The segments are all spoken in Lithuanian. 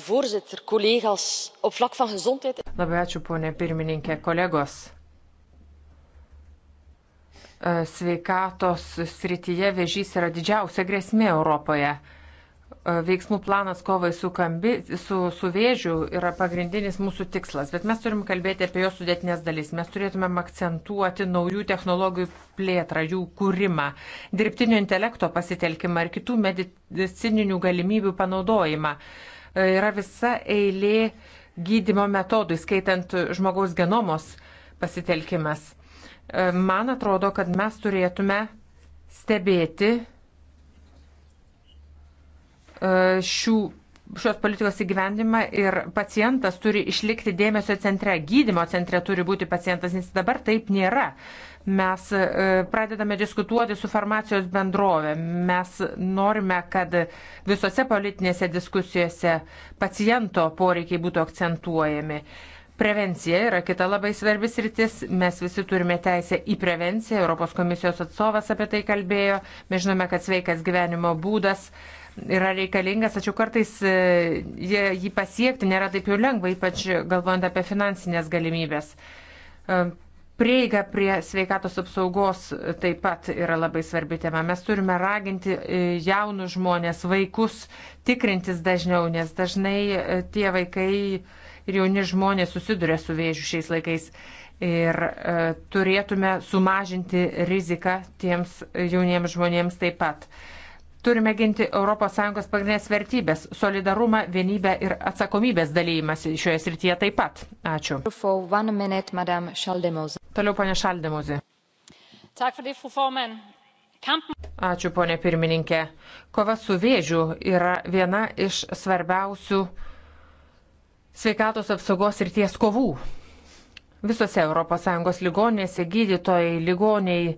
Voorzitter, collega's, op vlak van gezondheid. Labai ačiū, ponė pirmininkė, kolegos. E, sveikatos srityje vėžys yra didžiausia grėsmė Europoje. E, veiksmų planas kovai su, kambi, su, su vėžiu yra pagrindinis mūsų tikslas, bet mes turim kalbėti apie jo sudėtinės dalis. Mes turėtumėm akcentuoti naujų technologijų plėtrą, jų kūrimą, dirbtinio intelekto pasitelkimą ir kitų medicininių galimybių panaudojimą. Uh, yra visa eilė gydimo metodų, skaitant žmogaus genomos pasitelkimas. E, man atrodo, kad mes turėtume stebėti e, šių, šios politikos įgyvendimą ir pacientas turi išlikti dėmesio centre, gydimo centre turi būti pacientas, nes dabar taip nėra. Mes e, pradedame diskutuoti su farmacijos bendrovė. Mes norime, kad visose politinėse diskusijose paciento poreikiai būtų akcentuojami. Prevencija yra kita labai svarbis rytis. Mes visi turime teisę į prevenciją. Europos komisijos atstovas apie tai kalbėjo. Mes žinome, kad sveikas gyvenimo būdas yra reikalingas, tačiau kartais e, jį pasiekti nėra taip jau lengva, ypač galvojant apie finansinės galimybės. E, Prieiga prie sveikatos apsaugos taip pat yra labai svarbi tema. Mes turime raginti e, jaunus žmonės, vaikus tikrintis dažniau, nes dažnai e, tie vaikai ir jauni žmonės susiduria su vėžiu šiais laikais. Ir e, turėtume sumažinti riziką tiems e, jauniems žmonėms taip pat. E, Turime ginti ES pagrindinės vertybės - solidarumą, vienybę ir atsakomybės dalymasi šioje srityje taip pat. Ačiū. Minute, Toliau ponė Šaldemuzė. Ačiū ponė pirmininkė. Kova su vėžiu yra viena iš svarbiausių sveikatos apsaugos ryties kovų. Visose ES ligonėse gydytojai, ligoniai,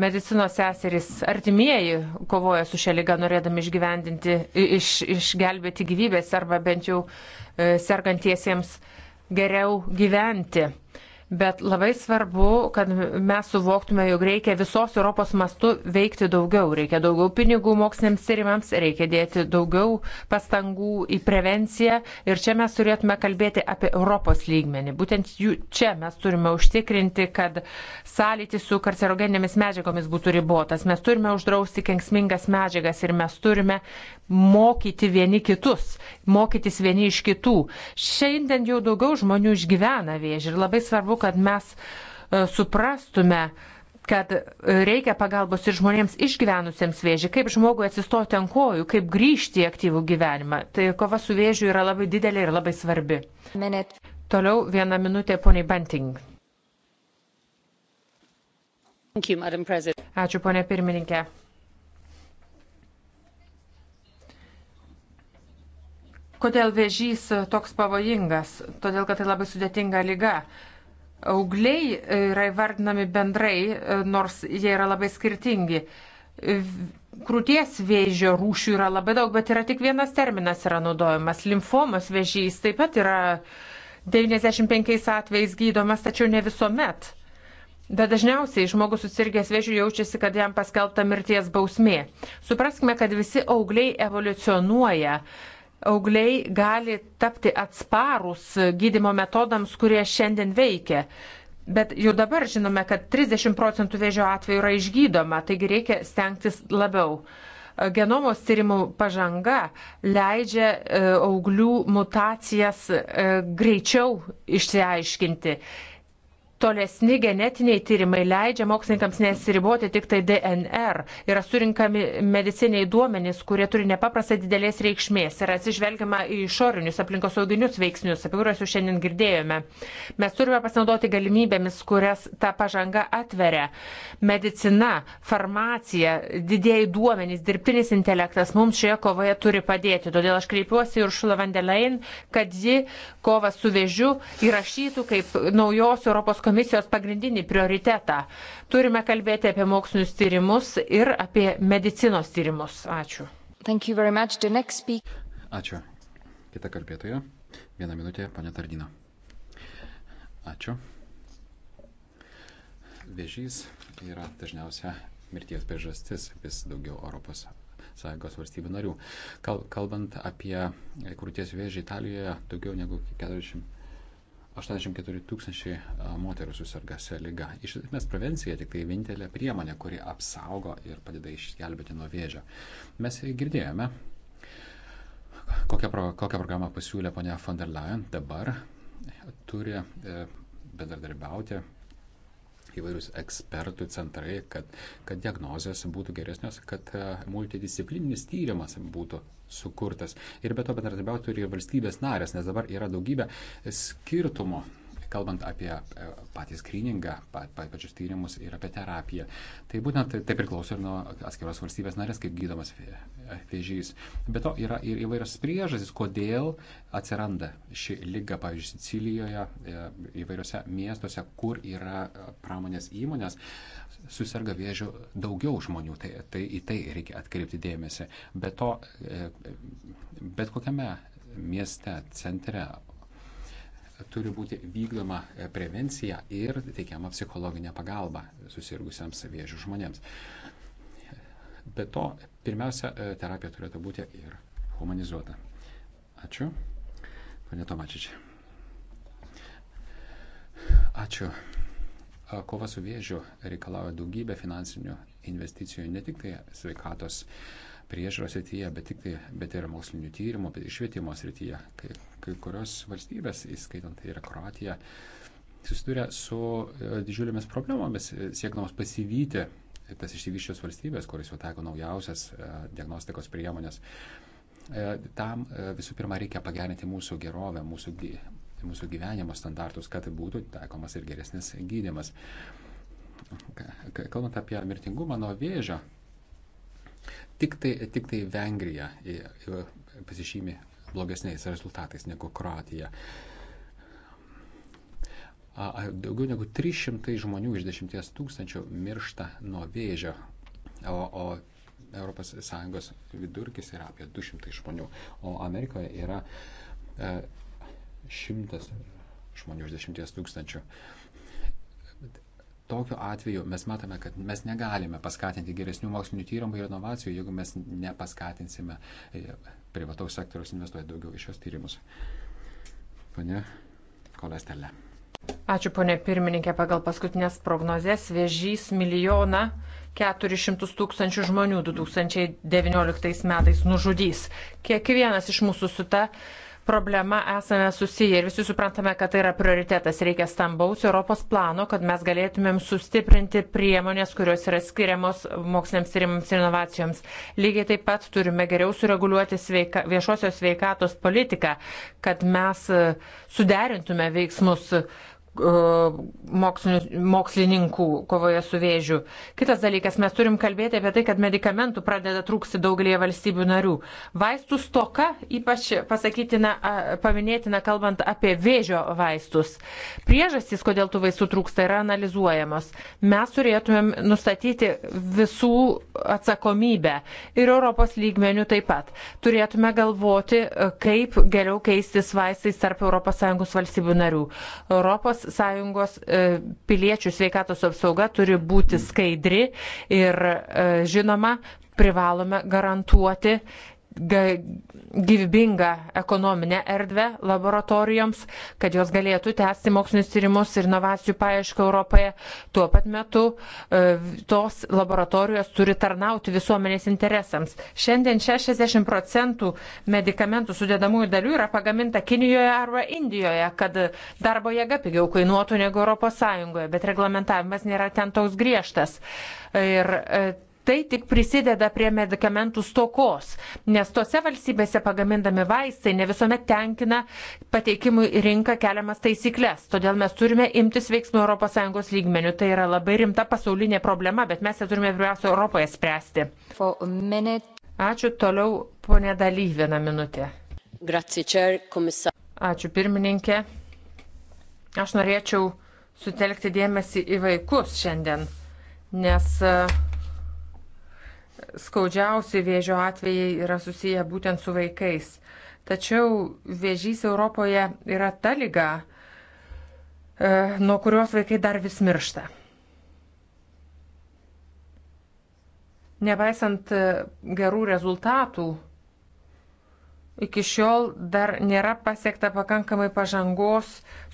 medicinos seserys, artimieji kovoja su šia lyga, norėdami išgyvendinti, iš, išgelbėti gyvybės arba bent jau e, sergantiesiems geriau gyventi. Bet labai svarbu, kad mes suvoktume, jog reikia visos Europos mastu veikti daugiau. Reikia daugiau pinigų moksliniams tyrimams, reikia dėti daugiau pastangų į prevenciją. Ir čia mes turėtume kalbėti apie Europos lygmenį. Būtent jų, čia mes turime užtikrinti, kad sąlytis su karcerogeninėmis medžiagomis būtų ribotas. Mes turime uždrausti kenksmingas medžiagas ir mes turime mokyti vieni kitus mokytis vieni iš kitų. Šiandien jau daugiau žmonių išgyvena vėžį ir labai svarbu, kad mes e, suprastume, kad reikia pagalbos ir žmonėms išgyvenusiems vėžį, kaip žmogui atsistoti ant kojų, kaip grįžti į aktyvų gyvenimą. Tai kova su vėžiu yra labai didelė ir labai svarbi. Minute. Toliau vieną minutę poniai Banting. You, Ačiū, ponė pirmininkė. Kodėl vėžys e, toks pavojingas? Todėl, kad tai labai sudėtinga lyga. Augliai e, yra įvardinami bendrai, e, nors jie yra labai skirtingi. Krūties vėžio rūšių yra labai daug, bet yra tik vienas terminas yra naudojamas. Limfomos vėžys taip pat yra 95 atvejais gydomas, tačiau ne visuomet. Bet dažniausiai žmogus susirgęs vėžiu jaučiasi, kad jam paskelbta mirties bausmė. Supraskime, kad visi augliai evoliucionuoja augliai gali tapti atsparūs gydimo metodams, kurie šiandien veikia. Bet jau dabar žinome, kad 30 procentų vėžio atveju yra išgydoma, taigi reikia stengtis labiau. Genomos tyrimų pažanga leidžia e, auglių mutacijas e, greičiau išsiaiškinti Tolesni genetiniai tyrimai leidžia mokslininkams nesiriboti tik tai DNR. Yra surinkami mediciniai duomenys, kurie turi nepaprastai didelės reikšmės. Yra atsižvelgiama į išorinius aplinkosauginius veiksnius, apie kuriuos jau šiandien girdėjome. Mes turime pasinaudoti galimybėmis, kurias ta pažanga atveria. Medicina, farmacija, didėjai duomenys, dirbtinis intelektas mums šioje kovoje turi padėti. Todėl aš kreipiuosi ir Šula Vandelein, kad ji kovą su vėžiu įrašytų kaip naujos Europos komisijos komisijos pagrindinį prioritetą. Turime kalbėti apie mokslinius tyrimus ir apie medicinos tyrimus. Ačiū. Ačiū. Kita kalbėtoja. Vieną minutę, ponė Tardino. Ačiū. Vėžys yra dažniausia mirties priežastis vis daugiau Europos sąjungos valstybių narių. Kalbant apie krūties vėžį Italijoje, daugiau negu 40 84 tūkstančiai moterų susirga šią lygą. Iš esmės prevencija tik tai vienintelė priemonė, kuri apsaugo ir padeda išgelbėti nuo vėžio. Mes girdėjome, kokią, kokią programą pasiūlė ponia von der Leyen dabar e, turi e, bendradarbiauti įvairius ekspertų centrai, kad, kad diagnozijos būtų geresnės, kad e, multidisciplininis tyrimas būtų sukurtas. Ir be to bendradarbiauti turi valstybės narės, nes dabar yra daugybė skirtumų kalbant apie e, patį skryningą, pačius tyrimus ir apie terapiją. Tai būtent tai, tai priklauso ir nuo atskiros valstybės narės, kaip gydamas vėžys. Be to yra ir įvairios priežastys, kodėl atsiranda ši lyga, pavyzdžiui, Sicilijoje, e, įvairiose miestuose, kur yra e, pramonės įmonės, susirga vėžių daugiau žmonių. Tai, tai į tai reikia atkreipti dėmesį. Be to, bet kokiame mieste, centre, turi būti vykdoma e, prevencija ir teikiama psichologinė pagalba susirgusiems vėžių žmonėms. Be to, pirmiausia, e, terapija turėtų būti ir humanizuota. Ačiū. Pane Tomačičiai. Ačiū. E, kova su vėžiu reikalauja daugybę finansinių investicijų ne tik tai sveikatos uh, priežiūros srityje, bet, tik tai, bet ir mokslinių tyrimų, bet ir švietimo srityje. Kai, kai kurios valstybės, įskaitant ir tai Kroatiją, susiduria su e, didžiulėmis problemomis, e, siekdamos pasivyti tas išsivyščios valstybės, kuris jau taiko naujausias e, diagnostikos priemonės. Tam visų pirma reikia pagerinti mūsų gerovę, mūsų, mūsų gyvenimo standartus, kad būtų taikomas ir geresnis gydimas. Kalbant apie mirtingumą nuo vėžio, Tik tai, tik tai Vengrija pasižymė blogesniais rezultatais negu Kroatija. Daugiau negu 300 žmonių iš 10 tūkstančių miršta nuo vėžio, o, o ES vidurkis yra apie 200 žmonių, o Amerikoje yra 100 e, žmonių iš 10 tūkstančių tokiu atveju mes matome, kad mes negalime paskatinti geresnių mokslinių tyrimų ir inovacijų, jeigu mes nepaskatinsime e, privataus sektoriaus investuoti daugiau į šios tyrimus. Pane Kolestelė. Ačiū, ponė pirmininkė, pagal paskutinės prognozes vėžys milijoną 400 tūkstančių žmonių 2019 metais nužudys. Kiekvienas iš mūsų su ta problema esame susiję ir visi suprantame, kad tai yra prioritetas. Reikia stambaus Europos plano, kad mes galėtumėm sustiprinti priemonės, kurios yra skiriamos moksliniams tyrimams ir inovacijoms. Lygiai taip pat turime geriau sureguliuoti sveika, viešosios sveikatos politiką, kad mes suderintume veiksmus E, mokslininkų kovoje su vėžiu. Kitas dalykas, mes turim kalbėti apie tai, kad medikamentų pradeda trūksti daugelie valstybių narių. Vaistų stoka, ypač pasakytina, paminėtina kalbant apie vėžio vaistus. Priežastys, kodėl tų vaistų trūksta, yra analizuojamos. Mes turėtumėm nustatyti visų atsakomybę ir Europos lygmenių taip pat. Turėtume galvoti, e, kaip geriau keistis vaistais tarp ES valstybių narių. Europos ES e, piliečių sveikatos apsauga turi būti skaidri ir e, žinoma privalome garantuoti gyvybingą ekonominę erdvę laboratorijoms, kad jos galėtų tęsti mokslinius tyrimus ir inovacijų paiešką Europoje. Tuo pat metu e, tos laboratorijos turi tarnauti visuomenės interesams. Šiandien 60 procentų medikamentų sudėdamųjų dalių yra pagaminta Kinijoje arba Indijoje, kad darbo jėga pigiau kainuotų negu ES, bet reglamentavimas nėra ten toks griežtas. Ir e, tai tik prisideda prie medikamentų stokos, nes tose valstybėse pagamindami vaistai ne visuomet tenkina pateikimui į rinką keliamas taisyklės. Todėl mes turime imtis veiksmų ES lygmenių. Tai yra labai rimta pasaulinė problema, bet mes ją turime pirmiausia Europoje spręsti. Ačiū toliau, ponė Daly, vieną minutę. Ačiū pirmininkė. Aš norėčiau sutelkti dėmesį į vaikus šiandien, nes uh, skaudžiausi vėžio atvejai yra susiję būtent su vaikais. Tačiau vėžys Europoje yra ta lyga, e, nuo kurios vaikai dar vis miršta. Nepaisant e, gerų rezultatų, iki šiol dar nėra pasiekta pakankamai pažangos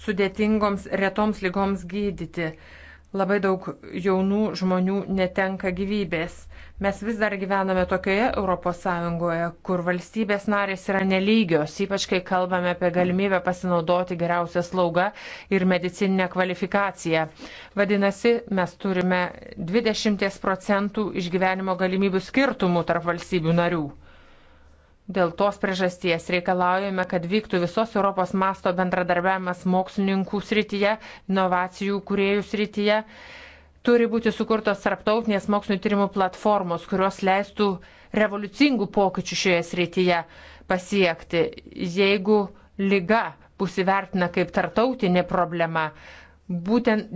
sudėtingoms retoms lygoms gydyti. Labai daug jaunų žmonių netenka gyvybės. Mes vis dar gyvename tokioje ES, kur valstybės narės yra nelygios, ypač kai kalbame apie galimybę pasinaudoti geriausią slaugą ir medicininę kvalifikaciją. Vadinasi, mes turime 20 procentų išgyvenimo galimybių skirtumų tarp valstybių narių. Dėl tos priežasties reikalaujame, kad vyktų visos Europos masto bendradarbiavimas mokslininkų srityje, inovacijų kuriejų srityje Turi būti sukurtos tarptautinės mokslinio tyrimų platformos, kurios leistų revoliucingų pokyčių šioje srityje pasiekti. Jeigu lyga bus įvertina kaip tartautinė problema, būtent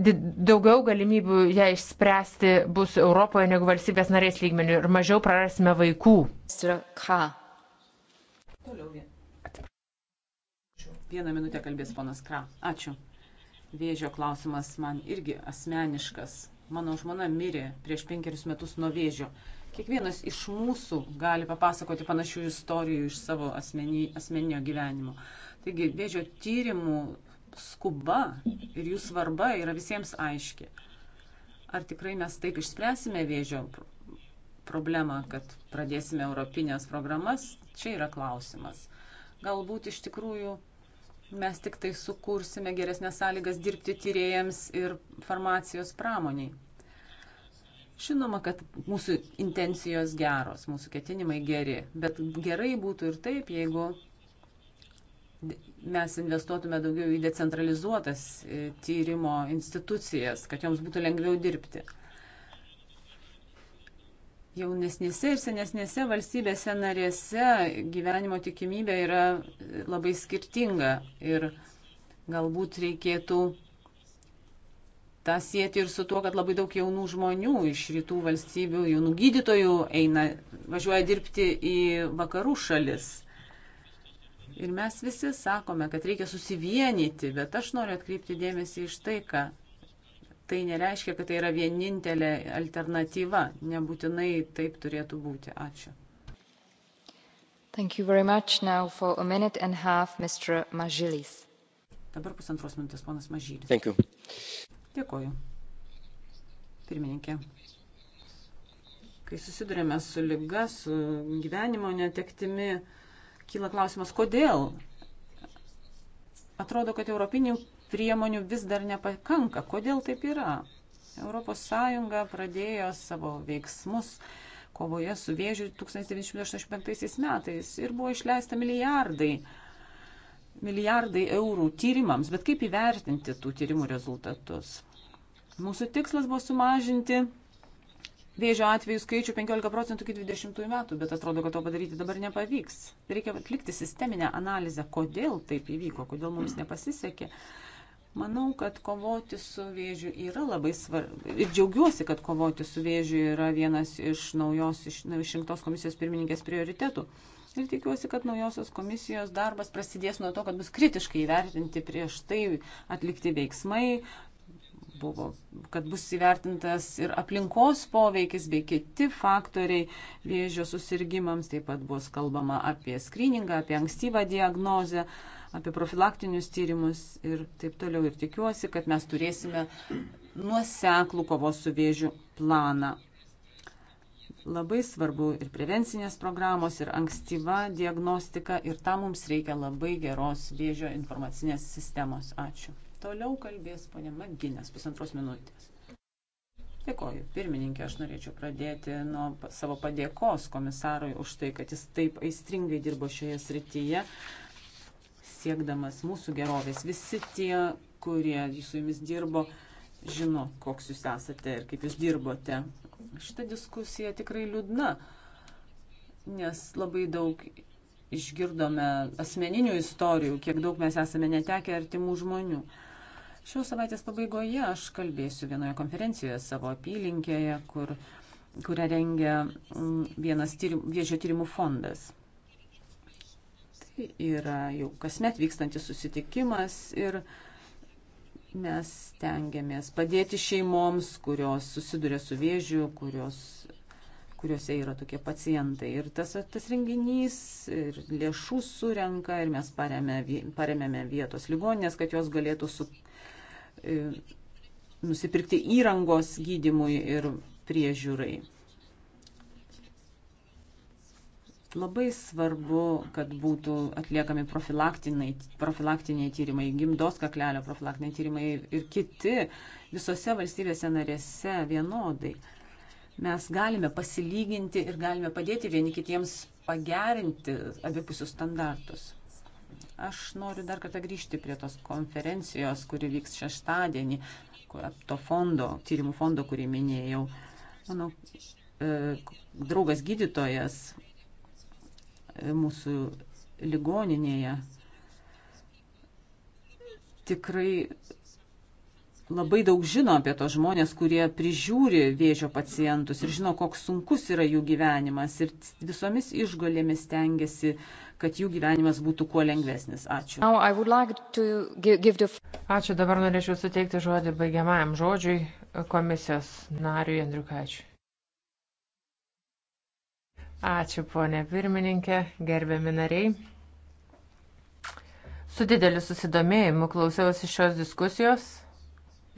daugiau galimybių ją išspręsti bus Europoje negu valstybės narės lygmenių ir mažiau prarasime vaikų. Vieną minutę kalbės ponas Kra. Ačiū. Vėžio klausimas man irgi asmeniškas. Mano žmona mirė prieš penkerius metus nuo vėžio. Kiekvienas iš mūsų gali papasakoti panašių istorijų iš savo asmeni, asmeninio gyvenimo. Taigi vėžio tyrimų skuba ir jų svarba yra visiems aiški. Ar tikrai mes taip išspręsime vėžio problemą, kad pradėsime europinės programas, čia yra klausimas. Galbūt iš tikrųjų mes tik tai sukursime geresnės sąlygas dirbti tyrėjams ir farmacijos pramoniai. Žinoma, kad mūsų intencijos geros, mūsų ketinimai geri, bet gerai būtų ir taip, jeigu mes investuotume daugiau į decentralizuotas e, tyrimo institucijas, kad joms būtų lengviau dirbti jaunesnėse ir senesnėse valstybėse narėse gyvenimo tikimybė yra labai skirtinga ir galbūt reikėtų tą sėti ir su tuo, kad labai daug jaunų žmonių iš rytų valstybių, jaunų gydytojų eina, važiuoja dirbti į vakarų šalis. Ir mes visi sakome, kad reikia susivienyti, bet aš noriu atkreipti dėmesį iš tai, kad tai nereiškia, kad tai yra vienintelė alternatyva. Nebūtinai taip turėtų būti. Ačiū. Thank you very much. Now for a minute and a half, Mr. Mažylis. Dabar pusantros minutės, ponas Mažylis. Thank you. Dėkoju. Pirmininkė. Kai susidurėme su lyga, su gyvenimo netektimi, kyla klausimas, kodėl? Atrodo, kad europinių priemonių vis dar nepakanka. Kodėl taip yra? ES pradėjo savo veiksmus kovoje su vėžiu 1985 metais ir buvo išleista milijardai milijardai eurų tyrimams, bet kaip įvertinti tų tyrimų rezultatus? Mūsų tikslas buvo sumažinti vėžio atvejų skaičių 15 procentų iki 20 metų, bet atrodo, kad to padaryti dabar nepavyks. Reikia atlikti sisteminę analizę, kodėl taip įvyko, kodėl mums nepasisekė. Mm Manau, kad kovoti su vėžiu yra labai svarbu. Ir džiaugiuosi, kad kovoti su vėžiu yra vienas iš naujos išrinktos komisijos pirmininkės prioritetų. Ir tikiuosi, kad naujosios komisijos darbas prasidės nuo to, kad bus kritiškai įvertinti prieš tai atlikti veiksmai, buvo, kad bus įvertintas ir aplinkos poveikis bei kiti faktoriai vėžio susirgymams, taip pat bus kalbama apie skryningą, apie ankstyvą diagnozę. Uh, apie profilaktinius tyrimus ir taip toliau. Ir tikiuosi, kad mes turėsime nuoseklų kovos su vėžiu planą. Labai svarbu ir prevencinės programos, ir ankstyva diagnostika, ir tam mums reikia labai geros vėžio informacinės sistemos. Ačiū. Toliau kalbės ponė Maginės, pusantros minutės. Dėkoju. Pirmininkė, aš norėčiau pradėti nuo savo padėkos komisarui už tai, kad jis taip aistringai dirbo šioje srityje siekdamas mūsų gerovės. Visi tie, kurie su jumis dirbo, žino, koks jūs esate ir kaip jūs dirbote. Šitą diskusiją tikrai liūdna, nes labai daug išgirdome asmeninių istorijų, kiek daug mes esame netekę artimų žmonių. Šios savaitės pabaigoje aš kalbėsiu vienoje konferencijoje savo apylinkėje, kur, kurią rengia mm, vienas tyrim, viešio tyrimų fondas yra jau kasmet vykstantis susitikimas ir mes tengiamės padėti šeimoms, kurios susiduria su vėžiu, kurios, kuriuose yra tokie pacientai. Ir tas, tas renginys ir lėšų surenka ir mes paremė, paremėme vietos ligoninės, kad jos galėtų su, e, nusipirkti įrangos gydimui ir priežiūrai. Labai svarbu, kad būtų atliekami profilaktiniai, profilaktiniai tyrimai, gimdos kaklelio profilaktiniai tyrimai ir kiti visose valstybėse narėse vienodai. Mes galime pasilyginti ir galime padėti vieni kitiems pagerinti abipusius standartus. Aš noriu dar kartą grįžti prie tos konferencijos, kuri vyks šeštadienį, to fondo, tyrimų fondo, kurį minėjau. Mano e, draugas gydytojas mūsų ligoninėje tikrai labai daug žino apie tos žmonės, kurie prižiūri vėžio pacientus ir žino, koks sunkus yra jų gyvenimas ir visomis išgalėmis tengiasi, kad jų gyvenimas būtų kuo lengvesnis. Ačiū. Like the... Ačiū, dabar norėčiau suteikti žodį baigiamajam žodžiui komisijos nariui Andriukaičiui. Ačiū, ponė pirmininkė, gerbiami nariai. Su dideliu susidomėjimu klausiausi šios diskusijos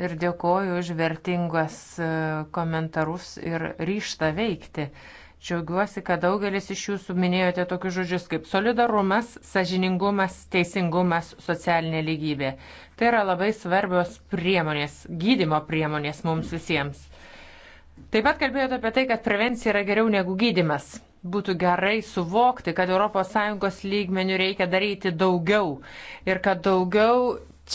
ir dėkoju už vertingas e, komentarus ir ryštą veikti. Džiaugiuosi, kad daugelis iš jūsų minėjote tokius žodžius kaip solidarumas, sažiningumas, teisingumas, socialinė lygybė. Tai yra labai svarbios priemonės, gydimo priemonės mums visiems. Taip pat kalbėjote apie tai, kad prevencija yra geriau negu gydimas būtų gerai suvokti, kad ES lygmenių reikia daryti daugiau ir kad daugiau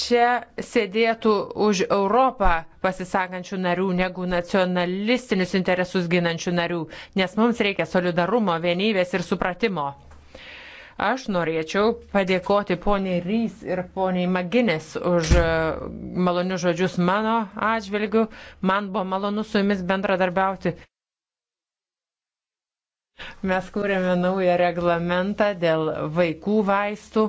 čia sėdėtų už Europą pasisakančių narių negu nacionalistinius interesus ginančių narių, nes mums reikia solidarumo, vienybės ir supratimo. Aš norėčiau padėkoti poniai Rys ir poniai Maginės už e, malonius žodžius mano atžvilgių. Man buvo malonu su jumis bendradarbiauti. Mes kūrėme naują reglamentą dėl vaikų vaistų.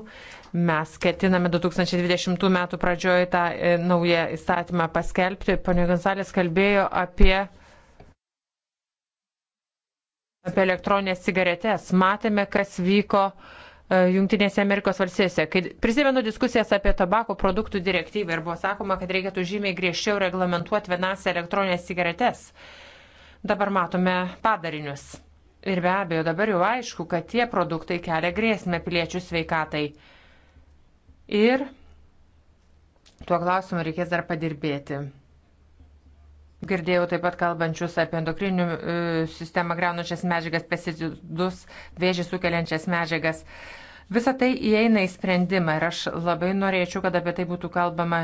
Mes ketiname 2020 m. pradžioje tą e, naują įstatymą paskelbti. Pane Gonsalės kalbėjo apie, apie elektroninės cigaretės. Matėme, kas vyko e, Junktinėse Amerikos valstijose. Kai prisimenu diskusijas apie tabako produktų direktyvą ir buvo sakoma, kad reikėtų žymiai griežčiau reglamentuoti vienas elektroninės cigaretės. Dabar matome padarinius Ir be abejo, dabar jau aišku, kad tie produktai kelia grėsmę piliečių sveikatai. Ir tuo klausimu reikės dar padirbėti. Girdėjau taip pat kalbančius apie endokrinių e, sistemą greunančias medžiagas, pesticidus, vėžį sukeliančias medžiagas. Visa tai įeina į sprendimą ir aš labai norėčiau, kad apie tai būtų kalbama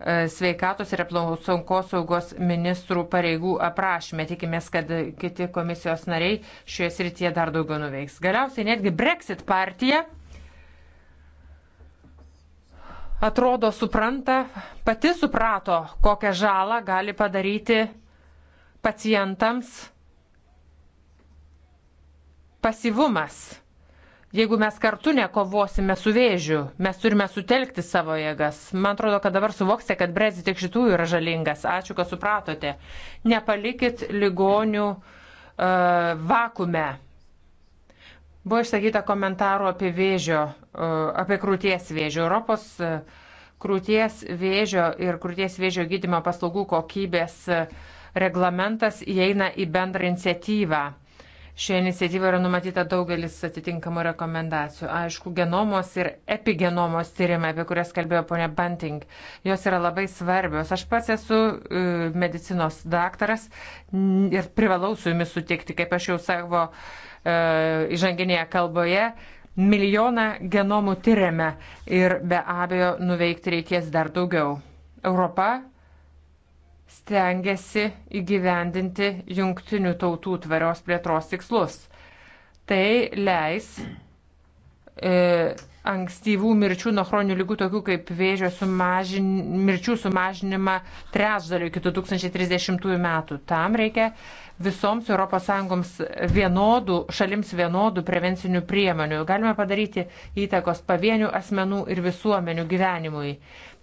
E, sveikatos ir aplausaunkos saugos ministrų pareigų aprašymė. Tikimės, kad kiti komisijos nariai šioje srityje dar daugiau nuveiks. Galiausiai netgi Brexit partija atrodo supranta, pati suprato, kokią žalą gali padaryti pacientams pasyvumas Jeigu mes kartu nekovosime su vėžiu, mes turime sutelkti savo jėgas. Man atrodo, kad dabar suvoksite, kad Brexit tik šitų yra žalingas. Ačiū, kad supratote. Nepalikit ligonių uh, e, vakume. Buvo išsakyta komentarų apie vėžio, uh, apie krūties vėžio. Europos uh, krūties vėžio ir krūties vėžio gydimo paslaugų kokybės uh, reglamentas įeina į bendrą iniciatyvą. Uh, Šioje iniciatyvoje yra numatyta daugelis atitinkamų rekomendacijų. Aišku, genomos ir epigenomos tyrimai, apie kurias kalbėjo ponė Banting, jos yra labai svarbios. Aš pats esu e, medicinos daktaras ir privalau su jumis sutikti, kaip aš jau savo e, įžanginėje kalboje. Milijoną genomų tyriame ir be abejo nuveikti reikės dar daugiau. Europa stengiasi įgyvendinti jungtinių tautų tvarios plėtros tikslus. Tai leis e, ankstyvų mirčių nuo chroninių lygų, tokių kaip vėžio sumažin, mirčių sumažinimą trečdaliu iki 2030 metų. Tam reikia visoms ES vienodų, šalims vienodų prevencinių priemonių. Galime padaryti įtakos pavienių asmenų ir visuomenių gyvenimui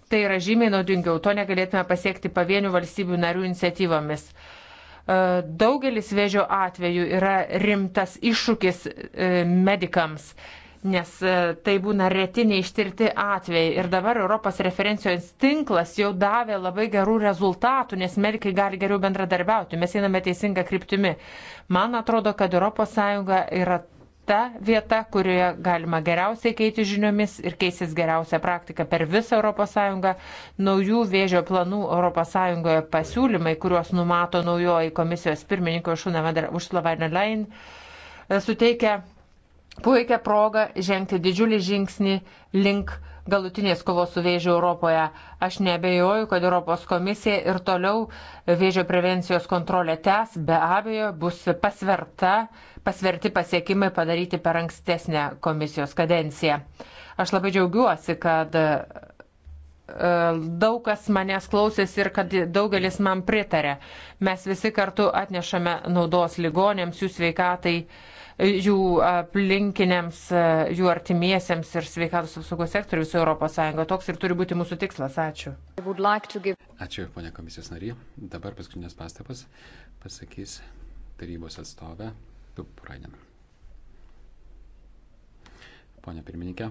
tai yra žymiai naudingiau. To negalėtume pasiekti pavienių valstybių narių iniciatyvomis. E, daugelis vėžio atvejų yra rimtas iššūkis e, medikams, nes e, tai būna retiniai ištirti atvejai. Ir dabar Europos referencijos tinklas jau davė labai gerų rezultatų, nes medikai gali geriau bendradarbiauti. Mes einame teisinga kryptimi. Man atrodo, kad ES yra ta vieta, kurioje galima geriausiai keiti žiniomis ir keisis geriausia praktika per visą ES. Naujų vėžio planų ES pasiūlymai, kuriuos numato naujoji komisijos pirmininko Ušlavainė Lein, e, suteikia puikia proga žengti didžiulį žingsnį link galutinės kovos su vėžiu Europoje. Aš nebejoju, kad Europos komisija ir toliau vėžio prevencijos kontrolę tęs, be abejo, bus pasverta, pasverti pasiekimai padaryti per ankstesnę komisijos kadenciją. Aš labai džiaugiuosi, kad e, daug kas manęs klausėsi ir kad daugelis man pritarė. Mes visi kartu atnešame naudos ligonėms, jų sveikatai jų aplinkiniams, jų artimiesiems ir sveikatos apsaugos sektoriui viso Europos Sąjungo. Toks ir turi būti mūsų tikslas. Ačiū. Like give... Ačiū, ponia komisijos narė. Dabar paskutinės pastabas pasakys tarybos atstovė Tupurainen. Pone pirmininkė,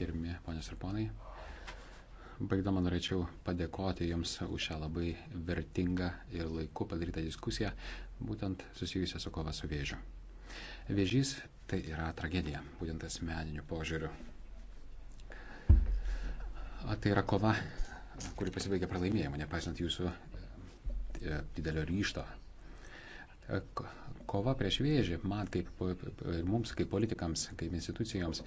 gerbimi ponios ir ponai, baigdama norėčiau padėkoti Jums už šią labai vertingą ir laiku padarytą diskusiją, būtent susijusią su kova su vėžiu. Vėžys tai yra tragedija, būtent asmeniniu požiūriu. Tai yra kova, kuri pasibaigia pralaimėjimu, nepaisant jūsų e, didelio ryšto. E, kova prieš vėžį, man kaip mums, kaip politikams, kaip institucijoms,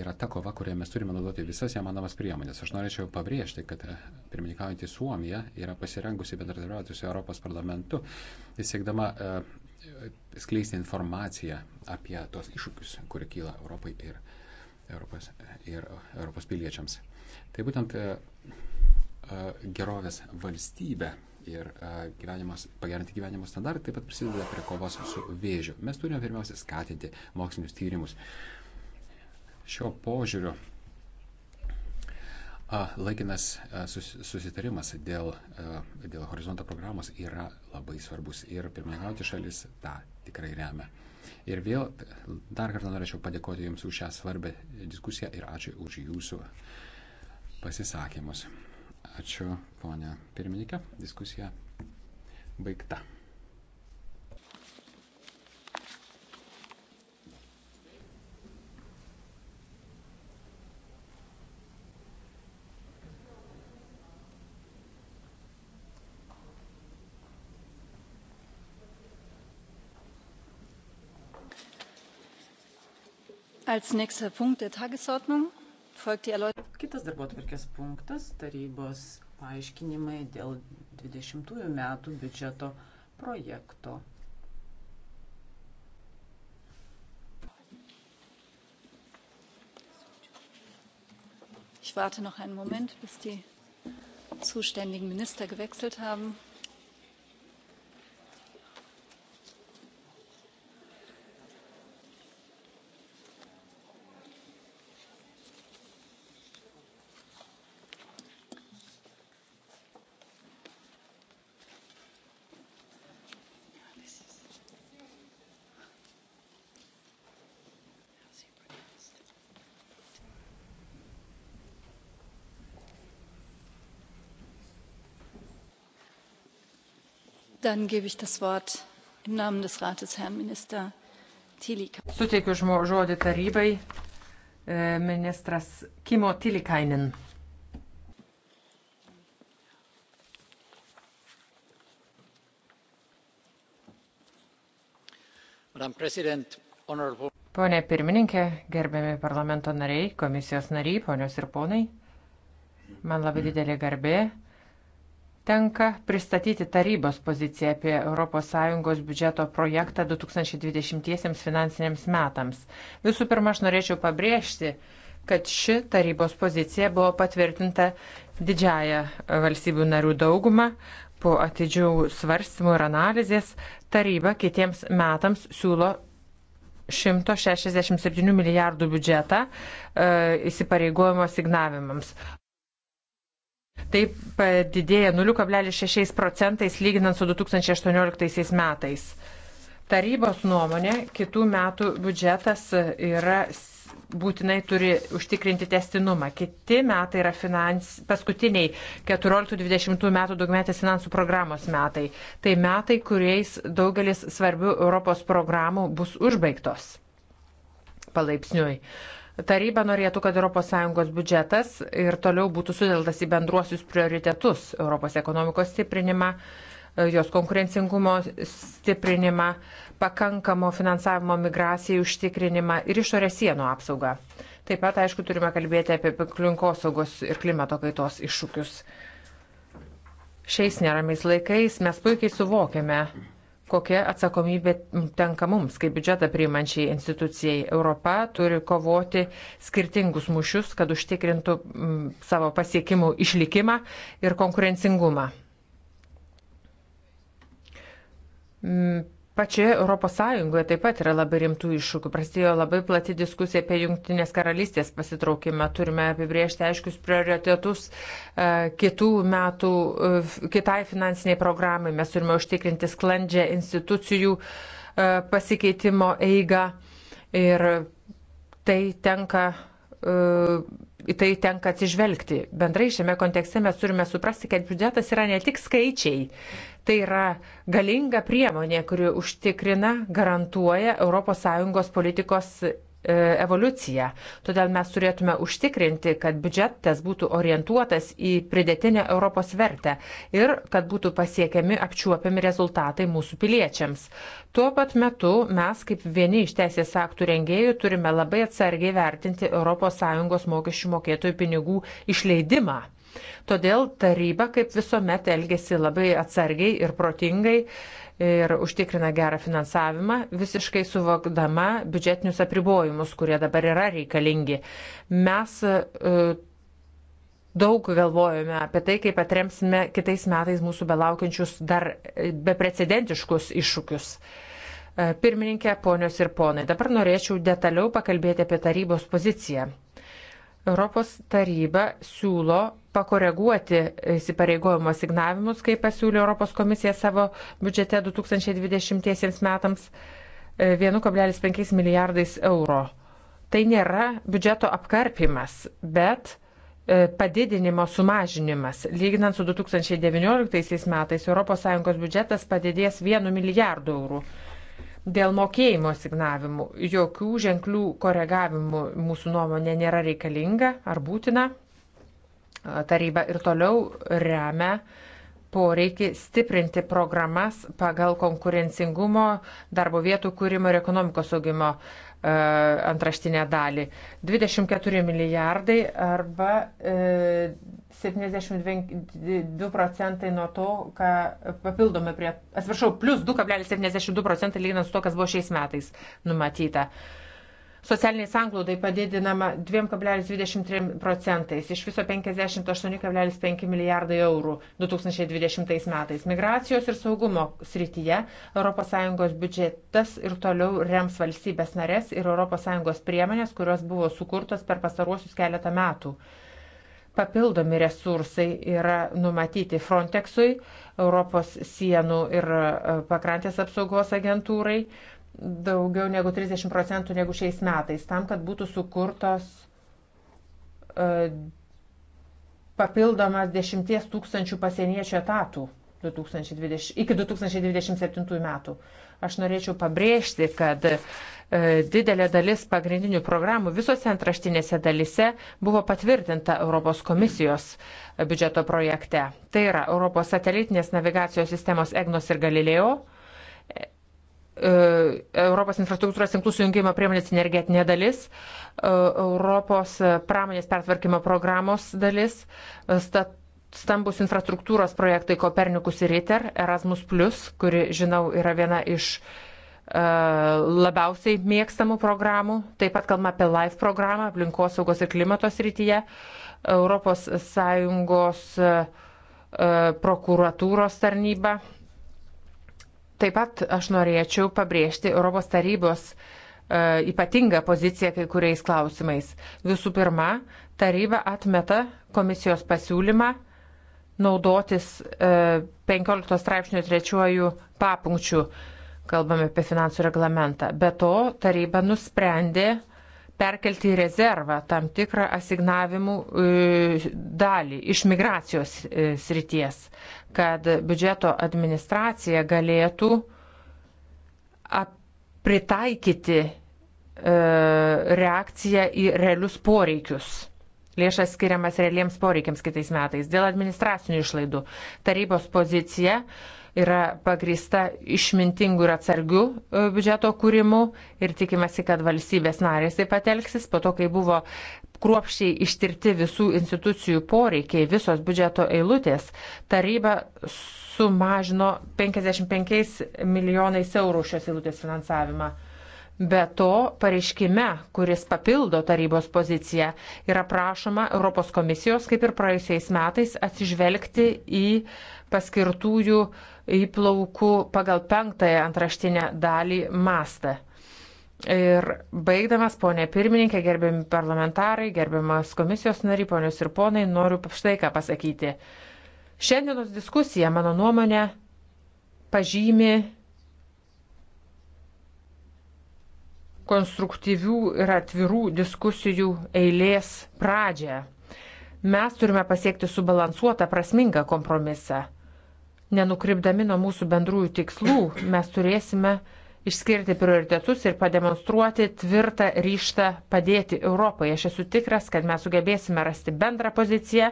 yra ta kova, kurioje mes turime naudoti visas įmanomas priemonės. Aš norėčiau pabrėžti, kad e, pirmininkaujantį Suomiją yra pasirengusi bendradarbiauti su Europos parlamentu, siekdama skleisti informaciją apie tos iššūkius, kurie kyla Europai ir Europos, ir Europos piliečiams. Tai būtent e, e, gerovės valstybė ir e, gyvenimas, pagerinti gyvenimo standartai taip pat prisideda prie kovos su vėžiu. Mes turime pirmiausia skatinti mokslinius tyrimus. Šio požiūriu Laikinas e, susitarimas dėl, e, dėl horizonto programos yra labai svarbus ir pirmininkauti šalis tą tikrai remia. Ir vėl dar kartą norėčiau padėkoti Jums už šią svarbę diskusiją ir ačiū už Jūsų pasisakymus. Ačiū, ponia pirmininkė. Diskusija baigta. Kitas darbotvarkės punktas - tarybos paaiškinimai dėl 20 metų biudžeto projekto. Ich warte noch einen Moment, bis die zuständigen Minister gewechselt haben. Dann gebe ich das Wort im Namen des Rates Herrn Minister Tilika. Suteikiu žodį tarybai e, ministras Kimo Tilikainen. Pone pirmininkė, gerbiami parlamento nariai, komisijos nariai, ponios ir ponai, man labai didelė garbė tenka pristatyti tarybos poziciją apie ES biudžeto projektą 2020 finansiniams metams. Visų pirma, aš norėčiau pabrėžti, kad ši tarybos pozicija buvo patvirtinta didžiaja valstybių narių dauguma. Po atidžių svarstymų ir analizės taryba kitiems metams siūlo 167 milijardų biudžetą e, įsipareigojimo signavimams. Taip padidėja 0,6 procentais lyginant su 2018 metais. Tarybos nuomonė, kitų metų biudžetas yra būtinai turi užtikrinti testinumą. Kiti metai yra finans, paskutiniai 14-20 metų daugmetės finansų programos metai. Tai metai, kuriais daugelis svarbių Europos programų bus užbaigtos palaipsniui. Taryba norėtų, kad ES biudžetas ir toliau būtų sudėltas į bendruosius prioritetus - Europos ekonomikos stiprinimą, jos konkurencingumo stiprinimą, pakankamo finansavimo migracijai užtikrinimą ir išorės sienų apsaugą. Taip pat, aišku, turime kalbėti apie aplinkosaugos ir klimato kaitos iššūkius. Šiais neramiais laikais mes puikiai suvokiame, kokia atsakomybė tenka mums, kaip biudžetą priimančiai institucijai. Europa turi kovoti skirtingus mušius, kad užtikrintų mm, savo pasiekimų išlikimą ir konkurencingumą mm, Pačioje Europos Sąjungoje taip pat yra labai rimtų iššūkių. Prasidėjo labai plati diskusija apie Junktinės karalystės pasitraukimą. Turime apibriežti aiškius prioritetus e, kitų metų, e, kitai finansiniai programai. Mes turime užtikrinti sklandžią institucijų e, pasikeitimo eigą ir tai tenka į tai tenka atsižvelgti. Bendrai šiame kontekste mes turime suprasti, kad biudžetas yra ne tik skaičiai, Tai yra galinga priemonė, kuri užtikrina, garantuoja ES politikos e, evoliuciją. Todėl mes turėtume užtikrinti, kad biudžetas būtų orientuotas į pridėtinę Europos vertę ir kad būtų pasiekiami apčiuopiami rezultatai mūsų piliečiams. Tuo pat metu mes, kaip vieni iš teisės aktų rengėjų, turime labai atsargiai vertinti ES mokesčių mokėtojų pinigų išleidimą. Todėl taryba, kaip visuomet, elgesi labai atsargiai ir protingai ir užtikrina gerą finansavimą, visiškai suvokdama biudžetinius apribojimus, kurie dabar yra reikalingi. Mes e, daug galvojame apie tai, kaip atremsime kitais metais mūsų belaukiančius dar beprecedentiškus iššūkius. E, pirmininkė, ponios ir ponai, dabar norėčiau detaliau pakalbėti apie tarybos poziciją. Europos taryba siūlo pakoreguoti įsipareigojimo signavimus, kaip pasiūlė Europos komisija savo biudžete 2020 metams 1,5 e, milijardais euro. Tai nėra biudžeto apkarpimas, bet e, padidinimo sumažinimas. Lyginant su 2019 metais, ES biudžetas padidės 1 milijardų eurų. Dėl mokėjimo signavimų jokių ženklių koregavimų mūsų nuomonė nėra reikalinga ar būtina taryba ir toliau remia poreikį stiprinti programas pagal konkurencingumo, darbo vietų kūrimo ir ekonomikos augimo e, antraštinę dalį. 24 milijardai arba 72 e, procentai nuo to, ką papildome prie, atsiprašau, plus 2,72 procentai lyginant su to, kas buvo šiais metais numatyta. Uh, Socialiniai sanglaudai padidinama 2,23 procentais, iš viso 58,5 milijardai eurų 2020 metais. Migracijos ir saugumo srityje ES biudžetas ir toliau rems valstybės narės ir ES priemonės, kurios buvo sukurtos per pastaruosius keletą metų. Papildomi resursai yra numatyti Frontexui, Europos sienų ir e, pakrantės apsaugos agentūrai daugiau negu 30 procentų negu šiais metais, tam, kad būtų sukurtos e, papildomas 10 tūkstančių pasieniečių etatų 2020, iki 2027 metų. Aš norėčiau pabrėžti, kad e, didelė dalis pagrindinių programų visose antraštinėse dalise buvo patvirtinta Europos komisijos biudžeto projekte. Tai yra Europos satelitinės navigacijos sistemos EGNOS ir Galileo, E, Europos infrastruktūros tinklų sujungimo priemonės energetinė dalis, e, Europos pramonės pertvarkymo programos dalis, e, stat, stambus infrastruktūros projektai Kopernikus ir ITER, Erasmus, kuri, žinau, yra viena iš labiausiai mėgstamų programų. Taip pat kalbame apie LIFE programą, aplinkosaugos ir klimatos rytyje, Europos Sąjungos prokuratūros tarnyba, Taip pat aš norėčiau pabrėžti Europos tarybos e, ypatingą poziciją kai kuriais klausimais. Visų pirma, taryba atmeta komisijos pasiūlymą naudotis 15 e, straipsnių trečiuoju papunkčiu, kalbame apie finansų reglamentą. Be to, taryba nusprendė perkelti į rezervą tam tikrą asignavimų e, dalį iš migracijos e, srities, kad biudžeto administracija galėtų pritaikyti e, reakciją į realius poreikius lėšas skiriamas realiems poreikiams kitais metais. Dėl administracinių išlaidų tarybos pozicija yra pagrįsta išmintingų ir atsargių e, biudžeto kūrimu ir tikimasi, kad valstybės narės taip pat elgsis. Po to, kai buvo kruopščiai ištirti visų institucijų poreikiai, visos biudžeto eilutės, taryba sumažino 55 milijonais eurų šios eilutės finansavimą. Be to, pareiškime, kuris papildo tarybos poziciją, yra prašoma Europos komisijos, kaip ir praėjusiais metais, atsižvelgti į uh, paskirtųjų įplaukų pagal penktąją antraštinę dalį mastą. Ir baigdamas, ponė pirmininkė, gerbiami parlamentarai, gerbiamas komisijos nariai, ponios ir ponai, noriu štai ką pasakyti. Šiandienos diskusija, mano nuomonė, pažymi konstruktyvių ir atvirų diskusijų eilės pradžią. Mes turime pasiekti subalansuotą, prasmingą kompromisą nenukrypdami nuo mūsų bendrųjų tikslų, mes turėsime išskirti prioritetus ir pademonstruoti tvirtą ryštą padėti Europai. Aš esu tikras, kad mes sugebėsime rasti bendrą poziciją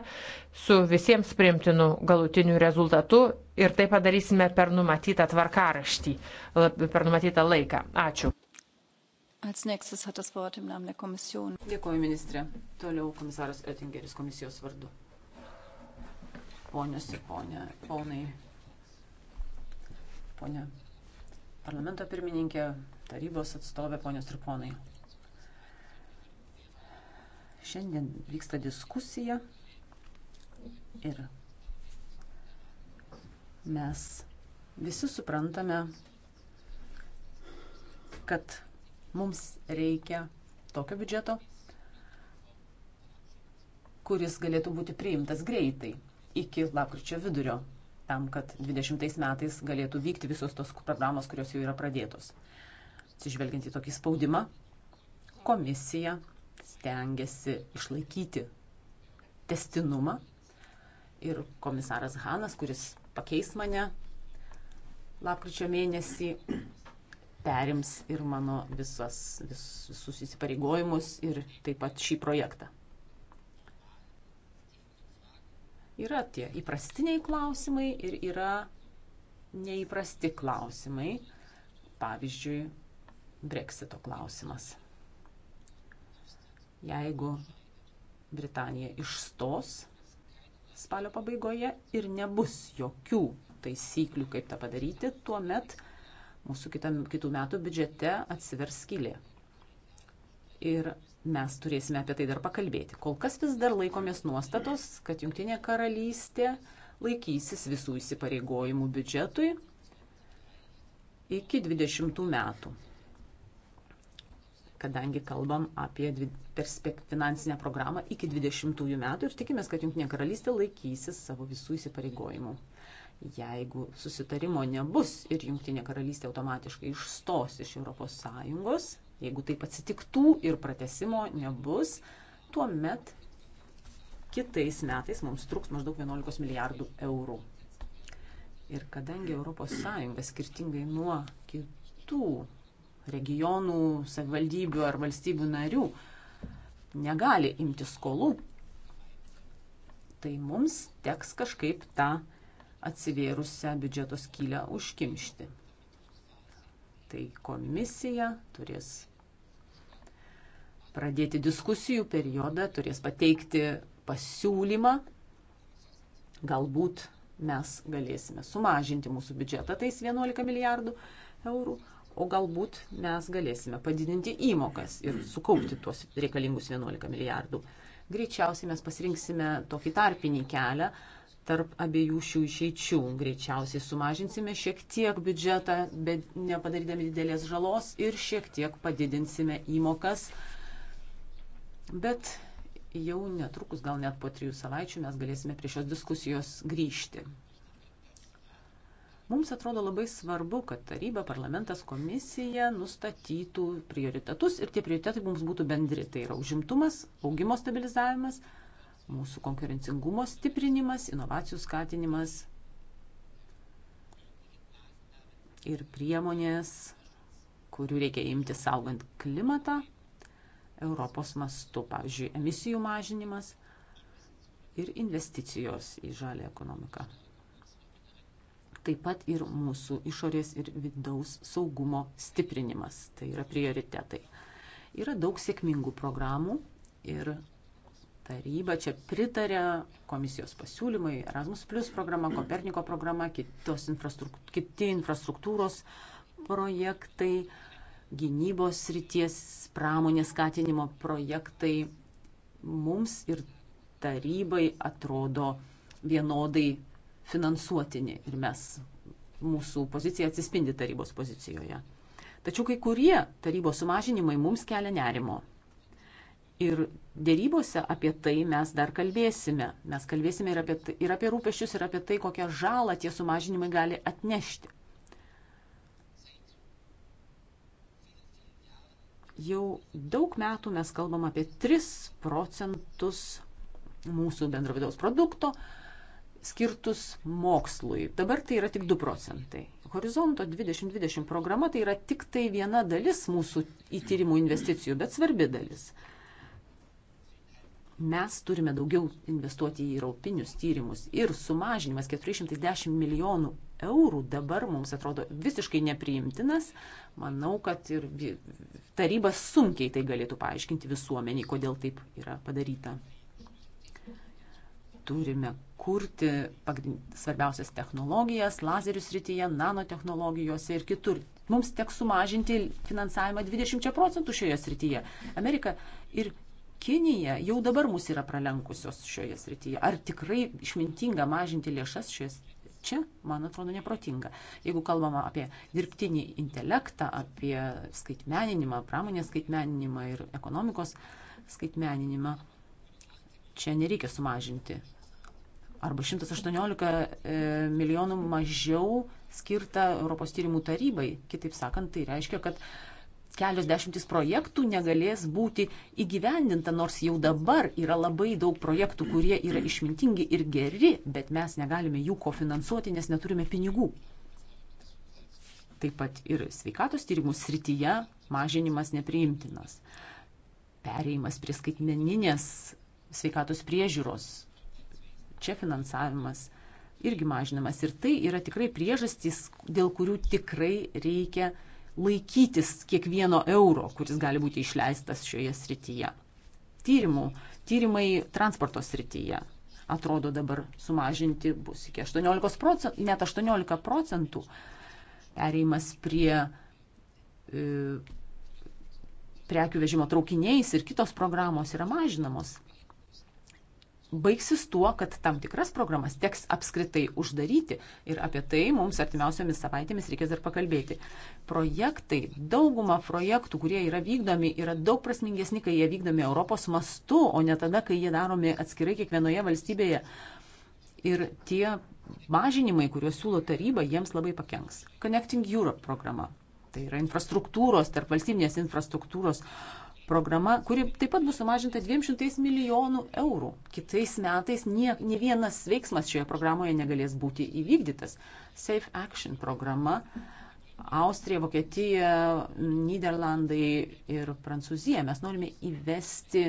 su visiems priimtinu galutiniu rezultatu ir tai padarysime per numatytą tvarkaraštį, per numatytą laiką. Ačiū. Dėkuoju, ministrė. Toliau komisaras Oettingeris komisijos vardu. Ponios ir ponė, ponai, ponė parlamento pirmininkė, tarybos atstovė, ponios ir ponai. Šiandien vyksta diskusija ir mes visi suprantame, kad mums reikia tokio biudžeto, kuris galėtų būti priimtas greitai iki lapkričio vidurio tam, kad 20 metais galėtų vykti visos tos programos, kurios jau yra pradėtos. Atsižvelgiant į tokį spaudimą, komisija stengiasi išlaikyti testinumą ir komisaras Hanas, kuris pakeis mane lapkričio mėnesį, perims ir mano visas, vis, visus įsipareigojimus ir taip pat šį projektą. Yra tie įprastiniai klausimai ir yra neįprasti klausimai, pavyzdžiui, breksito klausimas. Jeigu Britanija išstos spalio pabaigoje ir nebus jokių taisyklių, kaip tą padaryti, tuomet mūsų kitam, kitų metų biudžete atsivers skylė. Ir mes turėsime apie tai dar pakalbėti. Kol kas vis dar laikomės nuostatos, kad Junktinė karalystė laikysis visų įsipareigojimų biudžetui iki 20 metų. Kadangi kalbam apie finansinę programą iki 20 metų ir tikimės, kad Junktinė karalystė laikysis savo visų įsipareigojimų. Jeigu susitarimo nebus ir Junktinė karalystė automatiškai išstos iš ES, Jeigu taip atsitiktų ir pratesimo nebus, tuomet kitais metais mums truks maždaug 11 milijardų eurų. Ir kadangi ES skirtingai nuo kitų regionų, savivaldybių ar valstybių narių negali imti skolų, tai mums teks kažkaip tą atsivėrusią biudžeto skylę užkimšti. Tai komisija turės pradėti diskusijų periodą, turės pateikti pasiūlymą. Galbūt mes galėsime sumažinti mūsų biudžetą tais 11 milijardų eurų, o galbūt mes galėsime padidinti įmokas ir sukaupti tuos reikalingus 11 milijardų. Greičiausiai mes pasirinksime tokį tarpinį kelią tarp abiejų šių išeičių. Greičiausiai sumažinsime šiek tiek biudžetą, bet nepadarydami didelės žalos ir šiek tiek padidinsime įmokas Bet jau netrukus, gal net po trijų savaičių, mes galėsime prie šios diskusijos grįžti. Mums atrodo labai svarbu, kad taryba, parlamentas, komisija nustatytų prioritetus ir tie prioritetai mums būtų bendri. Tai yra užimtumas, augimo stabilizavimas, mūsų konkurencingumo stiprinimas, inovacijų skatinimas ir priemonės, kurių reikia imti saugant klimatą Europos mastu, pavyzdžiui, emisijų mažinimas ir investicijos į žalę ekonomiką. Taip pat ir mūsų išorės ir vidaus saugumo stiprinimas, tai yra prioritetai. Yra daug sėkmingų programų ir taryba čia pritarė komisijos pasiūlymai, Erasmus Plus programa, Koperniko programa, kitos infrastruktūros, kiti infrastruktūros projektai gynybos ryties pramonės skatinimo projektai mums ir tarybai atrodo vienodai finansuotini ir mes, mūsų pozicija atsispindi tarybos pozicijoje. Tačiau kai kurie tarybos sumažinimai mums kelia nerimo. Ir dėrybose apie tai mes dar kalbėsime. Mes kalbėsime ir apie, ir apie rūpešius, ir apie tai, kokią žalą tie sumažinimai gali atnešti. Jau daug metų mes kalbam apie 3 procentus mūsų bendro vidaus produkto skirtus mokslui. Dabar tai yra tik 2 procentai. Horizonto 2020 programa tai yra tik tai viena dalis mūsų įtyrimų investicijų, bet svarbi dalis. Mes turime daugiau investuoti į europinius tyrimus ir sumažinimas 410 milijonų eurų dabar mums atrodo visiškai nepriimtinas. Manau, kad ir taryba sunkiai tai galėtų paaiškinti visuomeniai, kodėl taip yra padaryta. Turime kurti svarbiausias technologijas, lazerių srityje, nanotehnologijose ir kitur. Mums teks sumažinti finansavimą 20 procentų šioje srityje. Amerika ir Kinija jau dabar mus yra pralenkusios šioje srityje. Ar tikrai išmintinga mažinti lėšas šioje srityje? čia, man atrodo, neprotinga. Jeigu kalbama apie dirbtinį intelektą, apie skaitmeninimą, pramonės skaitmeninimą ir ekonomikos skaitmeninimą, čia nereikia sumažinti. Arba 118 e, milijonų mažiau skirta Europos tyrimų tarybai. Kitaip sakant, tai reiškia, kad kelios dešimtis projektų negalės būti įgyvendinta, nors jau dabar yra labai daug projektų, kurie yra išmintingi ir geri, bet mes negalime jų kofinansuoti, nes neturime pinigų. Taip pat ir sveikatos tyrimų srityje mažinimas nepriimtinas. Pereimas prie skaitmeninės sveikatos priežiūros. Čia finansavimas irgi mažinamas. Ir tai yra tikrai priežastys, dėl kurių tikrai reikia uh, laikytis kiekvieno euro, kuris gali būti išleistas šioje srityje. Tyrimų, tyrimai transporto srityje atrodo dabar sumažinti bus iki 18 procentų, net 18 procentų pereimas prie e, prekių vežimo traukiniais ir kitos programos yra mažinamos baigsis tuo, kad tam tikras programas teks apskritai uždaryti ir apie tai mums artimiausiomis savaitėmis reikės dar pakalbėti. Projektai, dauguma projektų, kurie yra vykdomi, yra daug prasmingesni, kai jie vykdomi Europos mastu, o ne tada, kai jie daromi atskirai kiekvienoje valstybėje. Ir tie mažinimai, kuriuos siūlo taryba, jiems labai pakenks. Connecting Europe programa. Tai yra infrastruktūros, tarp valstybinės infrastruktūros programa, kuri taip pat bus sumažinta 200 milijonų eurų. Kitais metais nie, nie vienas veiksmas šioje programoje negalės būti įvykdytas. Safe Action programa Austrija, Vokietija, Niderlandai ir Prancūzija. Mes norime įvesti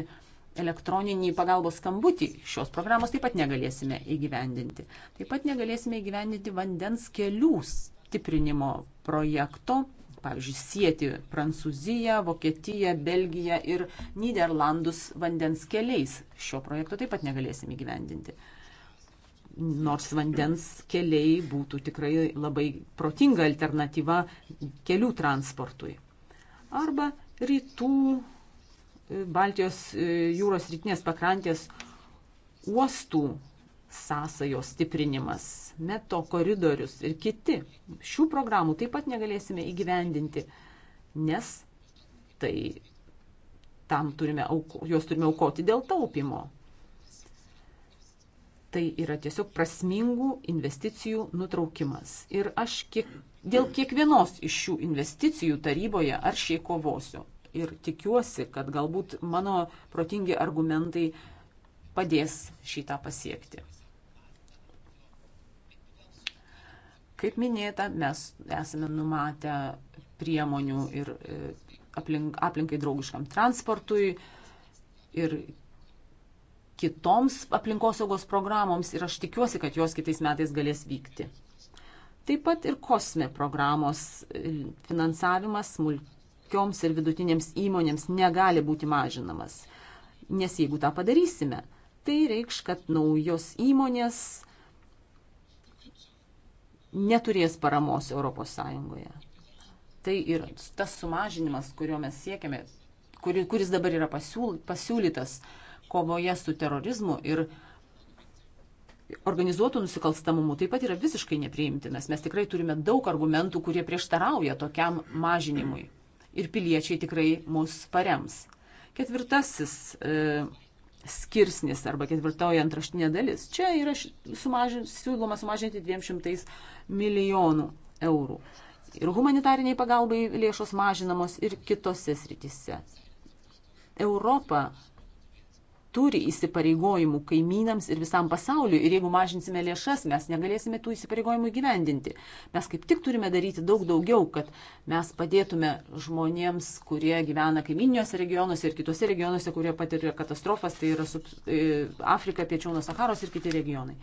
elektroninį pagalbos skambutį. Šios programos taip pat negalėsime įgyvendinti. Taip pat negalėsime įgyvendinti vandens kelių stiprinimo projekto pavyzdžiui, sieti Prancūziją, Vokietiją, Belgiją ir Niderlandus vandens keliais. Šio projekto taip pat negalėsim įgyvendinti. Nors vandens keliai būtų tikrai labai protinga alternatyva kelių transportui. Arba rytų e, Baltijos e, jūros rytinės pakrantės uostų sąsajos stiprinimas, meto koridorius ir kiti. Šių programų taip pat negalėsime įgyvendinti, nes tai tam turime auko, jos turime aukoti dėl taupimo. Tai yra tiesiog prasmingų investicijų nutraukimas. Ir aš kiek, dėl kiekvienos iš šių investicijų taryboje ar šiai kovosiu. Ir tikiuosi, kad galbūt mano protingi argumentai padės šitą pasiekti. Kaip minėta, mes esame numatę priemonių ir e, aplink, aplinkai draugiškam transportui ir kitoms aplinkosaugos programoms ir aš tikiuosi, kad jos kitais metais galės vykti. Taip pat ir kosme programos e, finansavimas smulkioms ir vidutinėms įmonėms negali būti mažinamas. Nes jeigu tą padarysime, tai reikš, kad naujos įmonės neturės paramos ES. Tai ir tas sumažinimas, kurio mes siekiame, kuris dabar yra pasiūlytas kovoje su terorizmu ir organizuotų nusikalstamumu, taip pat yra visiškai nepriimtinas. Mes tikrai turime daug argumentų, kurie prieštarauja tokiam mažinimui. Ir piliečiai tikrai mus parems. Ketvirtasis e, skirsnis arba ketvirtoji antraštinė dalis. Čia yra sumažin, siūloma sumažinti 200 milijonų eurų. Ir humanitariniai pagalbai lėšos mažinamos ir kitose srityse. Europa turi įsipareigojimų kaimynams ir visam pasauliu. Ir jeigu mažinsime lėšas, mes negalėsime tų įsipareigojimų gyvendinti. Mes kaip tik turime daryti daug daugiau, kad mes padėtume žmonėms, kurie gyvena kaiminiuose regionuose ir kitose regionuose, kurie patiria katastrofas, tai yra sub, e, Afrika, piečiau nuo Saharos ir kiti regionai.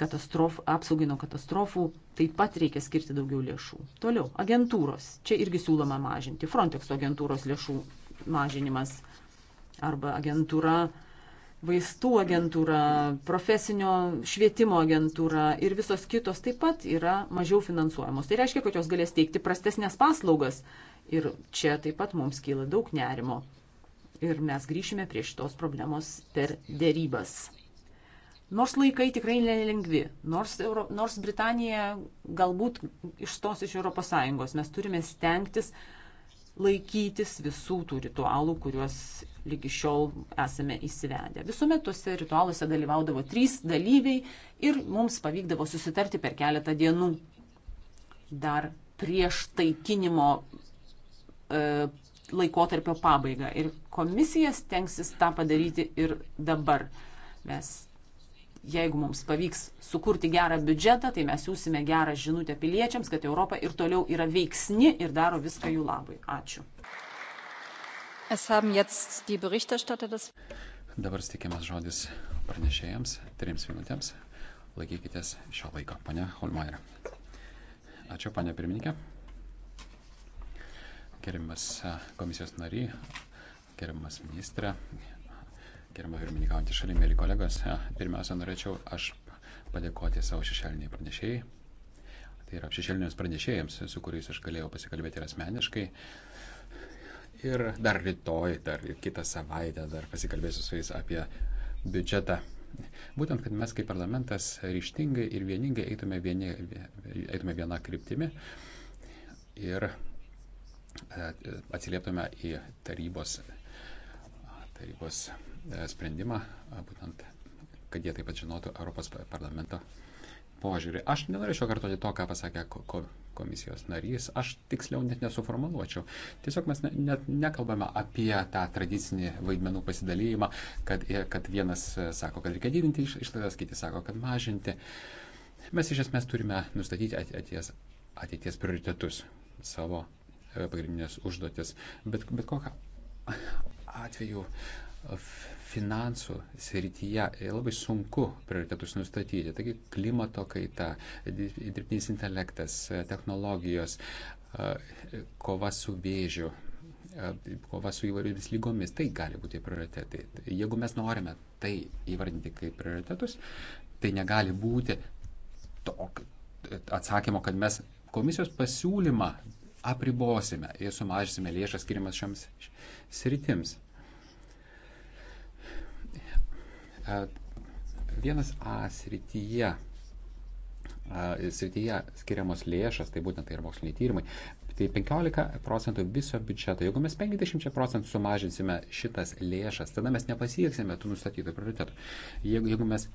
Katastrof, apsaugai nuo katastrofų taip pat reikia skirti daugiau lėšų. Toliau, agentūros. Čia irgi siūloma mažinti. Frontex agentūros lėšų mažinimas arba agentūra, vaistų agentūra, profesinio švietimo agentūra ir visos kitos taip pat yra mažiau finansuojamos. Tai reiškia, kad jos galės teikti prastesnės paslaugas ir čia taip pat mums kyla daug nerimo. Ir mes grįšime prie šitos problemos per dėrybas. Nors laikai tikrai nelengvi, nors, Euro, nors Britanija galbūt išstos iš ES, mes turime stengtis laikytis visų tų ritualų, kuriuos lygi šiol esame įsivedę. Visuomet tuose ritualuose dalyvaudavo trys dalyviai ir mums pavykdavo susitarti per keletą dienų. Dar prieš taikinimo e, laikotarpio pabaigą. Ir komisija stengsis tą padaryti ir dabar. Mes jeigu mums pavyks sukurti gerą biudžetą, tai mes jūsime gerą žinutę piliečiams, kad Europa ir toliau yra veiksni ir daro viską jų labui. Ačiū. Dabar stikiamas žodis pranešėjams, trims minutėms. Laikykitės šio laiko, ponia Holmaira. Ačiū, ponia pirmininkė. Gerimas komisijos nariai, gerimas ministrė, Gerbiamą pirmininkaujantį šalį, mėly kolegos, e, pirmiausia, norėčiau aš padėkoti savo šešėliniai pranešėjai. Tai yra šešėliniams pranešėjams, su kuriais aš galėjau pasikalbėti ir asmeniškai. Ir dar rytoj, dar kitą savaitę dar pasikalbėsiu su jais apie biudžetą. Būtent, kad mes kaip parlamentas ryštingai ir vieningai eitume, vieni, eitume vieną kryptimį ir e, atsilieptume į tarybos, tarybos E, sprendimą, būtent, kad jie taip pat žinotų Europos parlamento požiūrį. Aš nenorėčiau kartoti to, ką pasakė komisijos narys, aš tiksliau net nesuformuluočiau. Tiesiog mes net ne, nekalbame apie tą tradicinį vaidmenų pasidalymą, kad, e, kad vienas e, sako, kad reikia didinti išlaidas, kiti sako, kad mažinti. Mes iš esmės turime nustatyti ateities, ateities prioritetus savo pagrindinės užduotis. Bet, bet kokią atveju finansų srityje e, labai sunku prioritetus nustatyti. Taigi klimato kaita, dirbtinis intelektas, e, technologijos, e, kova su vėžiu, kova su įvairiomis lygomis, tai gali būti prioritetai. Jeigu mes norime tai įvardinti kaip prioritetus, tai negali būti tok, atsakymo, kad mes komisijos pasiūlymą apribosime ir sumažinsime lėšas skirimas šioms sritims. Vienas A srityje srityje skiriamos lėšas, tai būtent tai yra moksliniai tyrimai, tai 15 procentų viso biudžeto. Jeigu mes 50 procentų sumažinsime šitas lėšas, tada mes nepasieksime tų nustatytų prioritetų. Jeigu, jeigu, mes,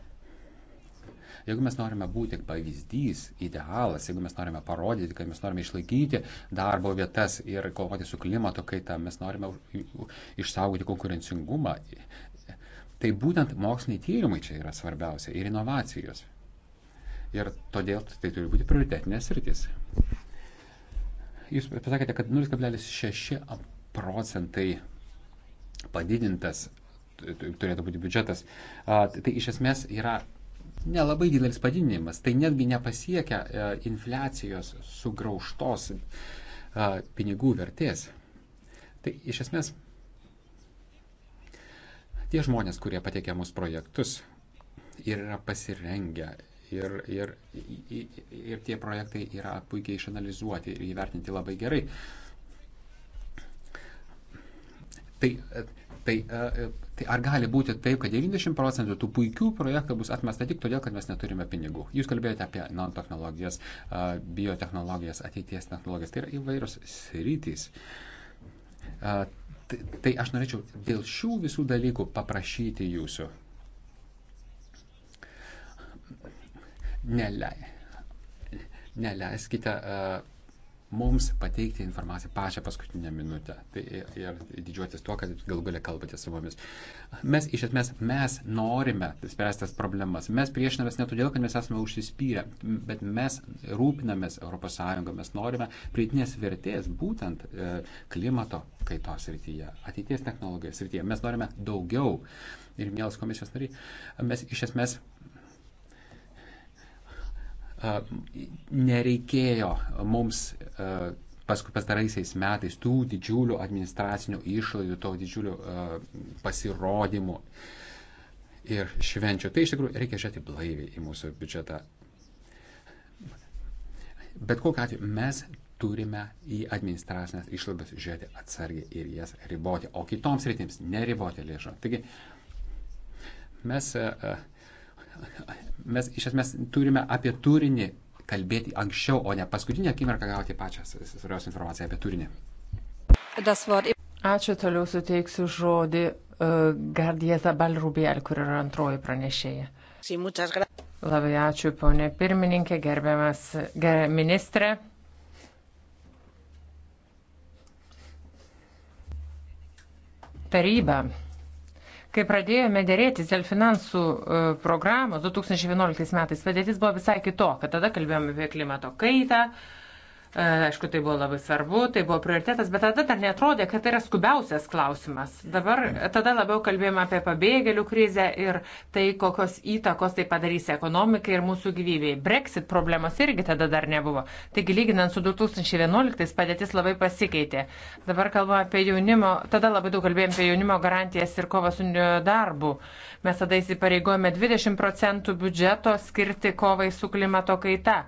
jeigu mes norime būti pavyzdys, idealas, jeigu mes norime parodyti, kad mes norime išlaikyti darbo vietas ir kovoti su klimato kaita, mes norime išsaugoti konkurencingumą Tai būtent moksliniai tyrimai čia yra svarbiausia ir inovacijos. Ir todėl tai turi būti prioritetinės rytis. Jūs pasakėte, kad 0,6 procentai padidintas turėtų būti biudžetas. Tai iš esmės yra nelabai didelis padidinimas. Tai netgi nepasiekia e, infliacijos sugrauštos pinigų vertės. Tai iš esmės Tie žmonės, kurie pateikia mūsų projektus, yra pasirengę ir, ir, ir, ir tie projektai yra puikiai išanalizuoti ir įvertinti labai gerai. Tai, tai, tai ar gali būti taip, kad 90 procentų tų puikių projektų bus atmesta tik todėl, kad mes neturime pinigų? Jūs kalbėjote apie nanotehnologijas, biotehnologijas, ateities technologijas, tai yra įvairios sritys Tai, tai aš norėčiau dėl šių visų dalykų paprašyti jūsų. Nelei. Neleiskite. Uh, mums pateikti informaciją pačią paskutinę minutę. Tai ir didžiuotis tuo, kad gal galia kalbate su mumis. Mes iš esmės mes norime spręsti tas problemas. Mes priešinamės ne todėl, kad mes esame užsispyrę, bet mes rūpinamės ES, mes norime pridinės vertės būtent e, klimato kaitos srityje, ateities technologijos srityje. Mes norime daugiau. Ir mielas komisijos nariai, mes iš esmės nereikėjo mums paskui pastaraisiais metais tų didžiulių administracinių išlaidų, to didžiulių pasirodymų ir švenčių. Tai iš tikrųjų reikia žiūrėti blaiviai į mūsų biudžetą. Bet kokiu atveju mes turime į administracinės išlaidas žiūrėti atsargiai ir jas riboti, o kitoms rytims neriboti lėšų. Taigi mes uh, mes iš esmės turime apie turinį kalbėti anksčiau, o ne paskutinį akimirką gauti pačią svarbiausią informaciją apie turinį. Ačiū, toliau suteiksiu žodį uh, Gardija Zabal Rubiel, kur yra antroji pranešėja. Labai ačiū, ponė pirmininkė, gerbiamas ger, ministrė. Taryba Kai pradėjome dėrėtis dėl finansų e, programos 2011 metais, padėtis buvo visai kitokia. Tada kalbėjome apie klimato kaitą, Aišku, tai buvo labai svarbu, tai buvo prioritetas, bet tada dar netrodė, kad tai yra skubiausias klausimas. Dabar tada labiau kalbėjome apie pabėgėlių krizę ir tai, kokios įtakos tai padarys ekonomikai ir mūsų gyvybei. Brexit problemos irgi tada dar nebuvo. Taigi, lyginant su 2011, padėtis labai pasikeitė. Dabar kalbame apie jaunimo, tada labai daug kalbėjome apie jaunimo garantijas ir kovą su darbu. Mes tada įsipareigojome 20 procentų biudžeto skirti kovai su klimato kaita.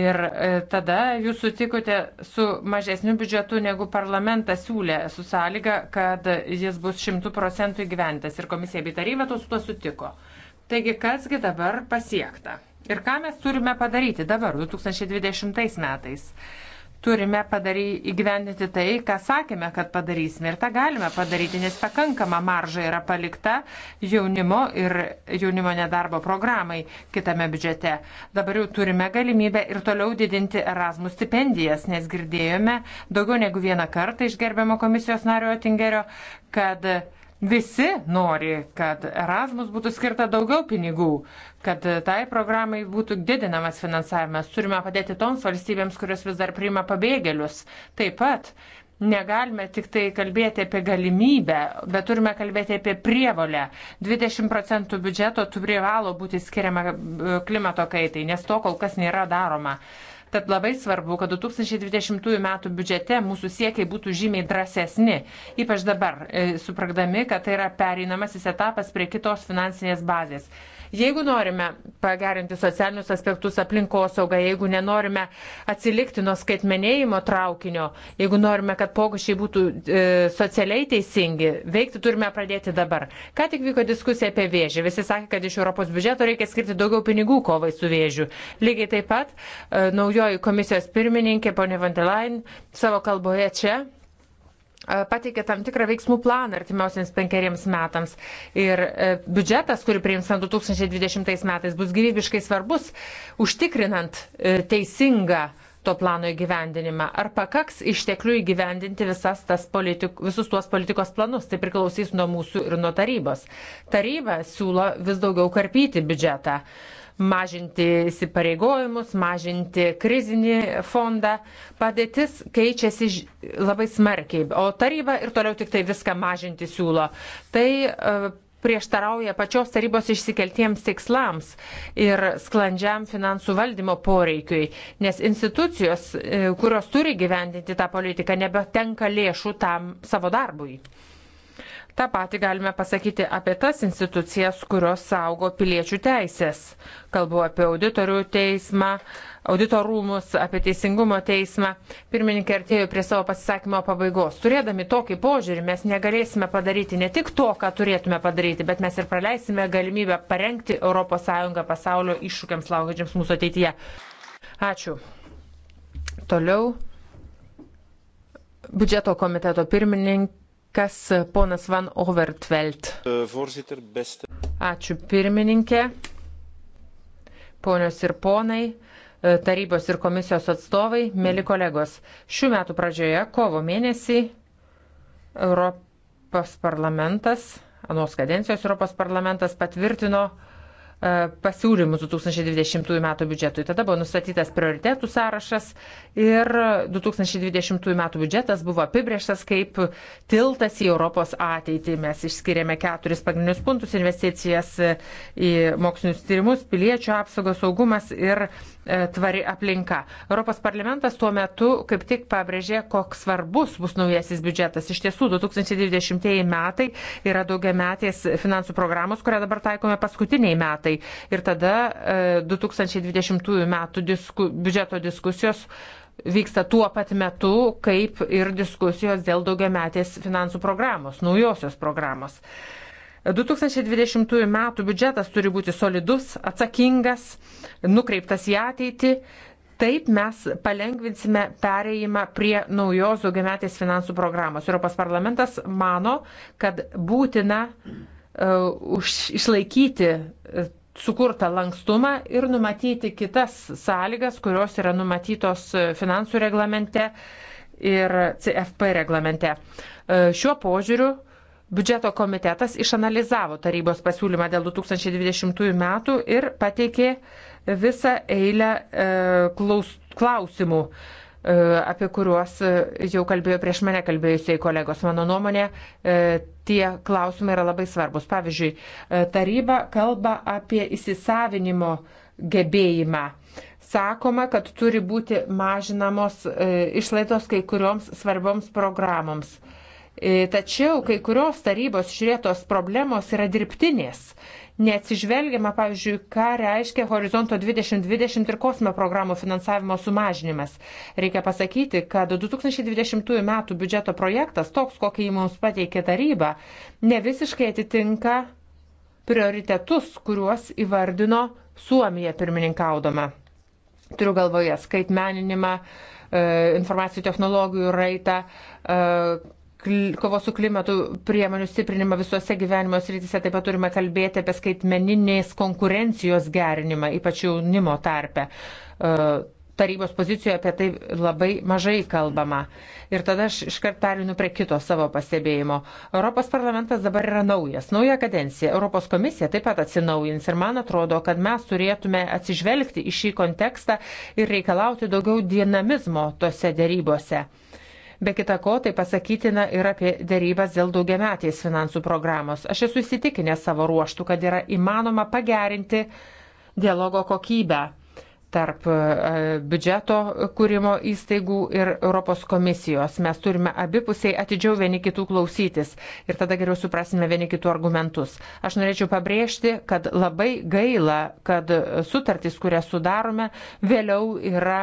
Ir e, tada jūs sutikote su mažesniu biudžetu, negu parlamentas siūlė, su sąlyga, kad jis bus šimtų procentų įgyventas. Ir komisija bei taryba to su to sutiko. Taigi, kasgi dabar pasiekta? Ir ką mes turime padaryti dabar, 2020 metais? turime padary, įgyvendinti tai, ką sakėme, kad padarysime. Ir tą galime padaryti, nes pakankama marža yra palikta jaunimo ir jaunimo nedarbo programai kitame biudžete. Dabar jau turime galimybę ir toliau didinti Erasmus stipendijas, nes girdėjome daugiau negu vieną kartą iš gerbiamo komisijos nario Tingerio, kad uh, Visi nori, kad Erasmus būtų skirta daugiau pinigų, kad tai programai būtų didinamas finansavimas. Turime padėti toms valstybėms, kurios vis dar priima pabėgėlius. Taip pat negalime tik tai kalbėti apie galimybę, bet turime kalbėti apie prievolę. 20 procentų biudžeto privalo būti skiriama e, klimato kaitai, nes to kol kas nėra daroma. Tad labai svarbu, kad 2020 m. biudžete mūsų siekiai būtų žymiai drąsesni, ypač dabar, e, suprakdami, kad tai yra pereinamasis etapas prie kitos finansinės bazės. Jeigu norime pagerinti socialinius aspektus aplinkosaugą, jeigu nenorime atsilikti nuo skaitmenėjimo traukinio, jeigu norime, kad pokušiai būtų e, socialiai teisingi, veikti turime pradėti dabar. Ką tik vyko diskusija apie vėžį. Visi sakė, kad iš Europos biudžeto reikia skirti daugiau pinigų kovai su vėžiu. Lygiai taip pat e, naujoji komisijos pirmininkė, ponė Vandelain, savo kalboje čia E, pateikė tam tikrą veiksmų planą artimiausiams penkeriems metams. Ir e, biudžetas, kurį priimsime 2020 metais, bus gyvybiškai svarbus, užtikrinant e, teisingą to plano įgyvendinimą. Ar pakaks išteklių įgyvendinti politik, visus tuos politikos planus, tai priklausys nuo mūsų ir nuo tarybos. Taryba siūlo vis daugiau karpyti biudžetą. Uh, mažinti įsipareigojimus, mažinti krizinį fondą. Padėtis keičiasi labai smarkiai, o taryba ir toliau tik tai viską mažinti siūlo. Tai e, prieštarauja pačios tarybos išsikeltiems tikslams ir sklandžiam finansų valdymo poreikiui, nes institucijos, e, kurios turi gyvendinti tą politiką, nebetenka lėšų tam savo darbui. Ta pati galime pasakyti apie tas institucijas, kurios saugo piliečių teisės. Kalbu apie auditorių teismą, auditorumus, apie teisingumo teismą. Pirmininkė artėjo prie savo pasisakymo pabaigos. Turėdami tokį požiūrį mes negalėsime padaryti ne tik to, ką turėtume padaryti, bet mes ir praleisime galimybę parengti ES pasaulio iššūkiams laukiančiams mūsų ateityje. Ačiū. Toliau biudžeto komiteto pirmininkė kas ponas Van Overtvelt. Ačiū pirmininkė, ponios ir ponai, e, tarybos ir komisijos atstovai, mėly kolegos. Šių metų pradžioje, kovo mėnesį, Europos parlamentas, anos kadencijos Europos parlamentas patvirtino pasiūlymus 2020 m. biudžetui. Tada buvo nustatytas prioritetų sąrašas ir 2020 m. biudžetas buvo apibrieštas kaip tiltas į Europos ateitį. Mes išskiriame keturis pagrindinius punktus - investicijas į mokslinius tyrimus, piliečių apsaugos saugumas ir E, tvari aplinka. Europos parlamentas tuo metu kaip tik pabrėžė, koks svarbus bus naujasis biudžetas. Iš tiesų, 2020 metai yra daugiametės finansų programos, kurią dabar taikome paskutiniai metai. Ir tada 2020 e, metų disku, biudžeto diskusijos vyksta tuo pat metu, kaip ir diskusijos dėl daugiametės finansų programos, naujosios programos. 2020 m. biudžetas turi būti solidus, atsakingas, nukreiptas į ateitį. Taip mes palengvinsime pereimą prie naujos daugiametės finansų programos. Europos parlamentas mano, kad būtina uh, išlaikyti e, sukurtą lankstumą ir numatyti kitas sąlygas, kurios yra numatytos e, finansų reglamente ir CFP reglamente. Šiuo požiūriu uh, Biudžeto komitetas išanalizavo tarybos pasiūlymą dėl 2020 metų ir pateikė visą eilę e, klaus, klausimų, e, apie kuriuos e, jau kalbėjo prieš mane kalbėjusiai kolegos. Mano nuomonė, e, tie klausimai yra labai svarbus. Pavyzdžiui, e, taryba kalba apie įsisavinimo gebėjimą. Sakoma, kad turi būti mažinamos e, išlaidos kai kurioms svarbioms programoms. E, E, tačiau kai kurios tarybos žiūrėtos problemos yra dirbtinės. Neatsižvelgiama, pavyzdžiui, ką reiškia Horizonto 2020 ir kosmo programų finansavimo sumažinimas. Reikia pasakyti, kad 2020 m. biudžeto projektas, toks, kokį mums pateikė taryba, ne visiškai atitinka prioritetus, kuriuos įvardino Suomija pirmininkaudama. Turiu galvoje skaitmeninimą, e, informacijų technologijų raitą, e, kovos su klimatu priemonių stiprinimą visuose gyvenimo srityse, taip pat turime kalbėti apie skaitmeninės konkurencijos gerinimą, ypač jaunimo tarpe. E, tarybos pozicijoje apie tai labai mažai kalbama. Ir tada aš iškart perinu prie kito savo pastebėjimo. Europos parlamentas dabar yra naujas, nauja kadencija. Europos komisija taip pat atsinaujins ir man atrodo, kad mes turėtume atsižvelgti į šį kontekstą ir reikalauti daugiau dinamizmo tose dėrybose. Uh, Be kita ko, tai pasakytina ir apie dėrybas dėl daugiametės finansų programos. Aš esu įsitikinęs savo ruoštų, kad yra įmanoma pagerinti dialogo kokybę tarp e, biudžeto kūrimo įstaigų ir Europos komisijos. Mes turime abipusiai atidžiau vieni kitų klausytis ir tada geriau suprasime vieni kitų argumentus. Aš norėčiau pabrėžti, kad labai gaila, kad sutartys, kurias sudarome, vėliau yra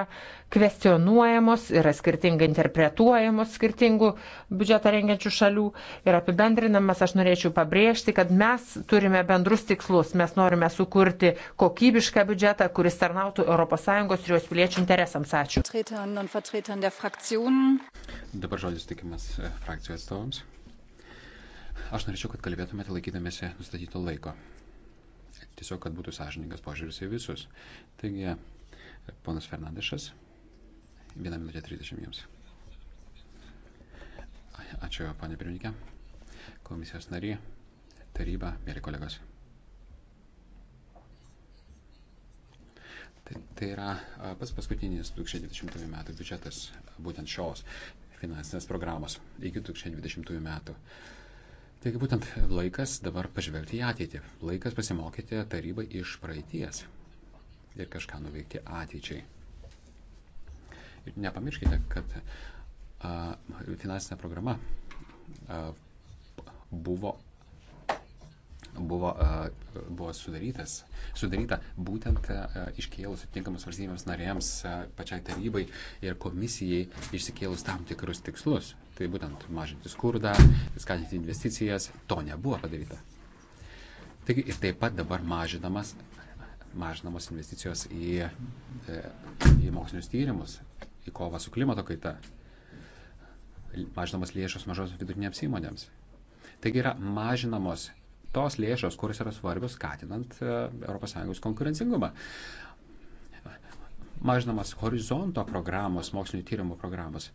kvestionuojamos, yra skirtingai interpretuojamos skirtingų biudžetą rengiančių šalių. Ir apibendrinamas aš norėčiau pabrėžti, kad mes turime bendrus tikslus. Mes norime sukurti kokybišką biudžetą, kuris tarnautų ES ir jos piliečių interesams. Ačiū. Dabar žodis tikimas e, frakcijų atstovams. Aš norėčiau, kad kalbėtumėte laikydamėsi nustatyto laiko. Tiesiog, kad būtų sąžininkas požiūris į visus. Taigi, ponas Fernandešas, Vieną minutę 30 jums. Ačiū, panė pirmininkė, komisijos nariai, taryba, mėly kolegos. Tai, tai yra pats paskutinis 2020 metų biudžetas būtent šios finansinės programos iki 2020 metų. Taigi būtent laikas dabar pažvelgti į ateitį, laikas pasimokyti tarybai iš praeities ir kažką nuveikti ateičiai. Nepamirškite, kad a, finansinė programa a, buvo, buvo, a, buvo sudarytas, sudaryta būtent a, iškėlus atitinkamus valstybėms narėms, a, pačiai tarybai ir komisijai išsikėlus tam tikrus tikslus. Tai būtent mažinti skurdą, skatinti investicijas, to nebuvo padaryta. Taigi ir taip pat dabar mažinamas mažinamos investicijos į, e, į mokslinius tyrimus, į kovą su klimato kaita, mažinamas lėšos mažos vidutinėms įmonėms. Taigi yra mažinamos tos lėšos, kuris yra svarbios skatinant ES konkurencingumą. Mažinamas horizonto programos, mokslinio tyrimo programos.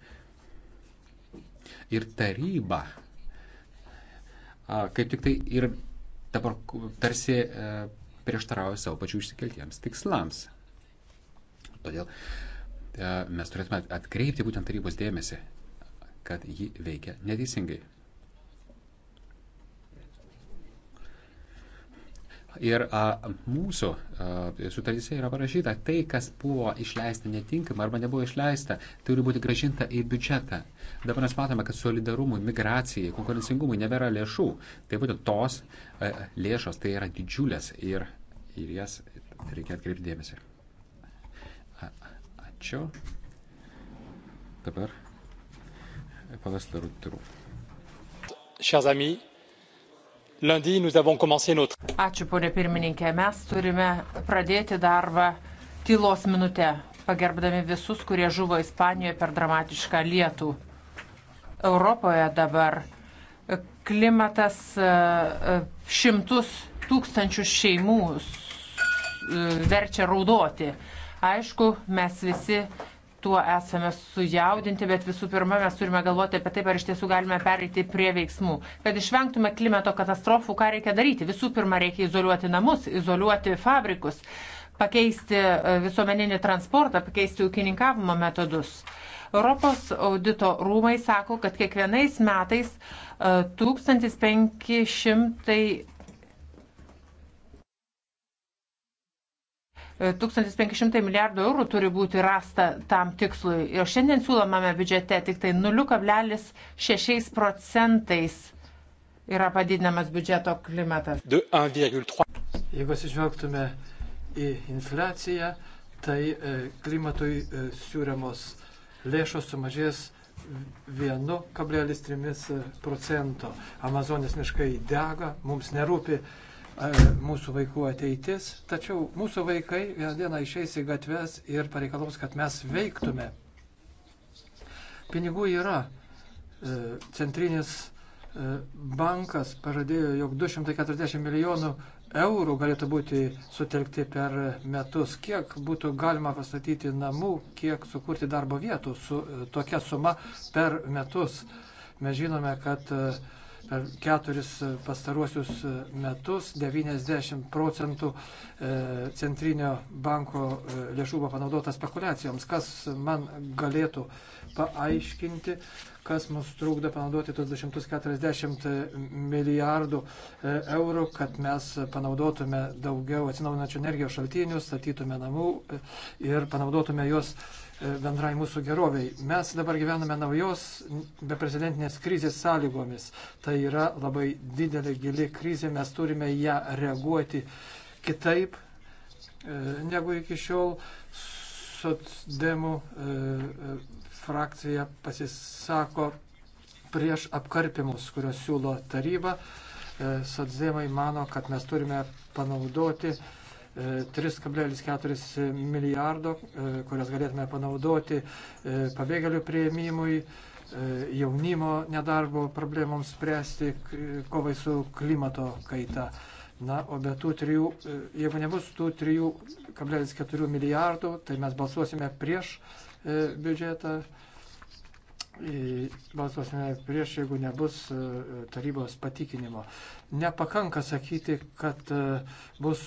Ir taryba, kaip tik tai ir dabar tarsi e, prieštarauja savo pačių išsikeltiems tikslams. Todėl uh, E, mes turėtume atkreipti būtent tarybos dėmesį, kad ji veikia neteisingai. Ir a, mūsų sutartyse yra parašyta, tai, kas buvo išleista netinkama arba nebuvo išleista, turi būti gražinta į biudžetą. Dabar mes matome, kad solidarumui, migracijai, konkurencingumui nebėra lėšų. Tai būtent tos a, e, lėšos, tai yra didžiulės ir, ir jas reikia atkreipti dėmesį. A, Ačiū. Dabar e, panas Larutru. Chers amis, lundi nous avons commencé notre. Ačiū, ponė pirmininkė. Mes turime pradėti darbą tylos minutę, pagerbdami visus, kurie žuvo Ispanijoje per dramatišką lietų. Europoje dabar e, klimatas e, šimtus tūkstančių šeimų verčia raudoti. Aišku, mes visi tuo esame sujaudinti, bet visų pirma, mes turime galvoti apie tai, ar iš tiesų galime pereiti prie veiksmų. Kad išvengtume klimato katastrofų, ką reikia daryti? Visų pirma, reikia izoliuoti namus, izoliuoti fabrikus, pakeisti e, visuomeninį transportą, pakeisti ūkininkavimo metodus. Europos audito rūmai sako, kad kiekvienais metais 1500 e, 1500 milijardų eurų turi būti rasta tam tikslui. Ir šiandien siūlomame biudžete tik tai 0,6 procentais yra padidinamas biudžeto klimatas. Jeigu atsižvelgtume į infliaciją, tai e, klimatui e, siūriamos lėšos sumažės 1,3 procento. Amazonės miškai dega, mums nerūpi E, mūsų vaikų ateitis, tačiau mūsų vaikai vieną dieną išeis į gatves ir pareikalaus, kad mes veiktume. Pinigų yra. E, centrinis e, bankas pažadėjo, jog 240 milijonų eurų galėtų būti sutelkti per metus, kiek būtų galima pastatyti namų, kiek sukurti darbo vietų su tokia suma per metus. Mes žinome, kad uh, per keturis e, pastaruosius e, metus 90 procentų e, centrinio banko lėšų buvo panaudota spekulacijoms. Kas man galėtų paaiškinti, kas mus trukdo panaudoti tos 240 milijardų eurų, kad mes panaudotume daugiau atsinaujinančių energijos šaltinių, statytume namų ir panaudotume juos bendrai mūsų geroviai. Mes dabar gyvename naujos beprecedentinės krizės sąlygomis. Tai yra labai didelė gili krizė, mes turime ją reaguoti kitaip e, negu iki šiol. Sotdemų e, e, frakcija pasisako prieš apkarpimus, kuriuos siūlo taryba. Sotdemai mano, kad mes turime panaudoti uh, 3,4 e, milijardo, e, kurias galėtume panaudoti e, pabėgėlių prieimimui, jaunimo nedarbo problemoms spręsti, kovai su klimato kaita. Na, o be tų trijų, jeigu nebus tų 3,4 milijardų, tai mes balsuosime prieš biudžetą, balsuosime prieš, jeigu nebus tarybos patikinimo. Nepakanka sakyti, kad bus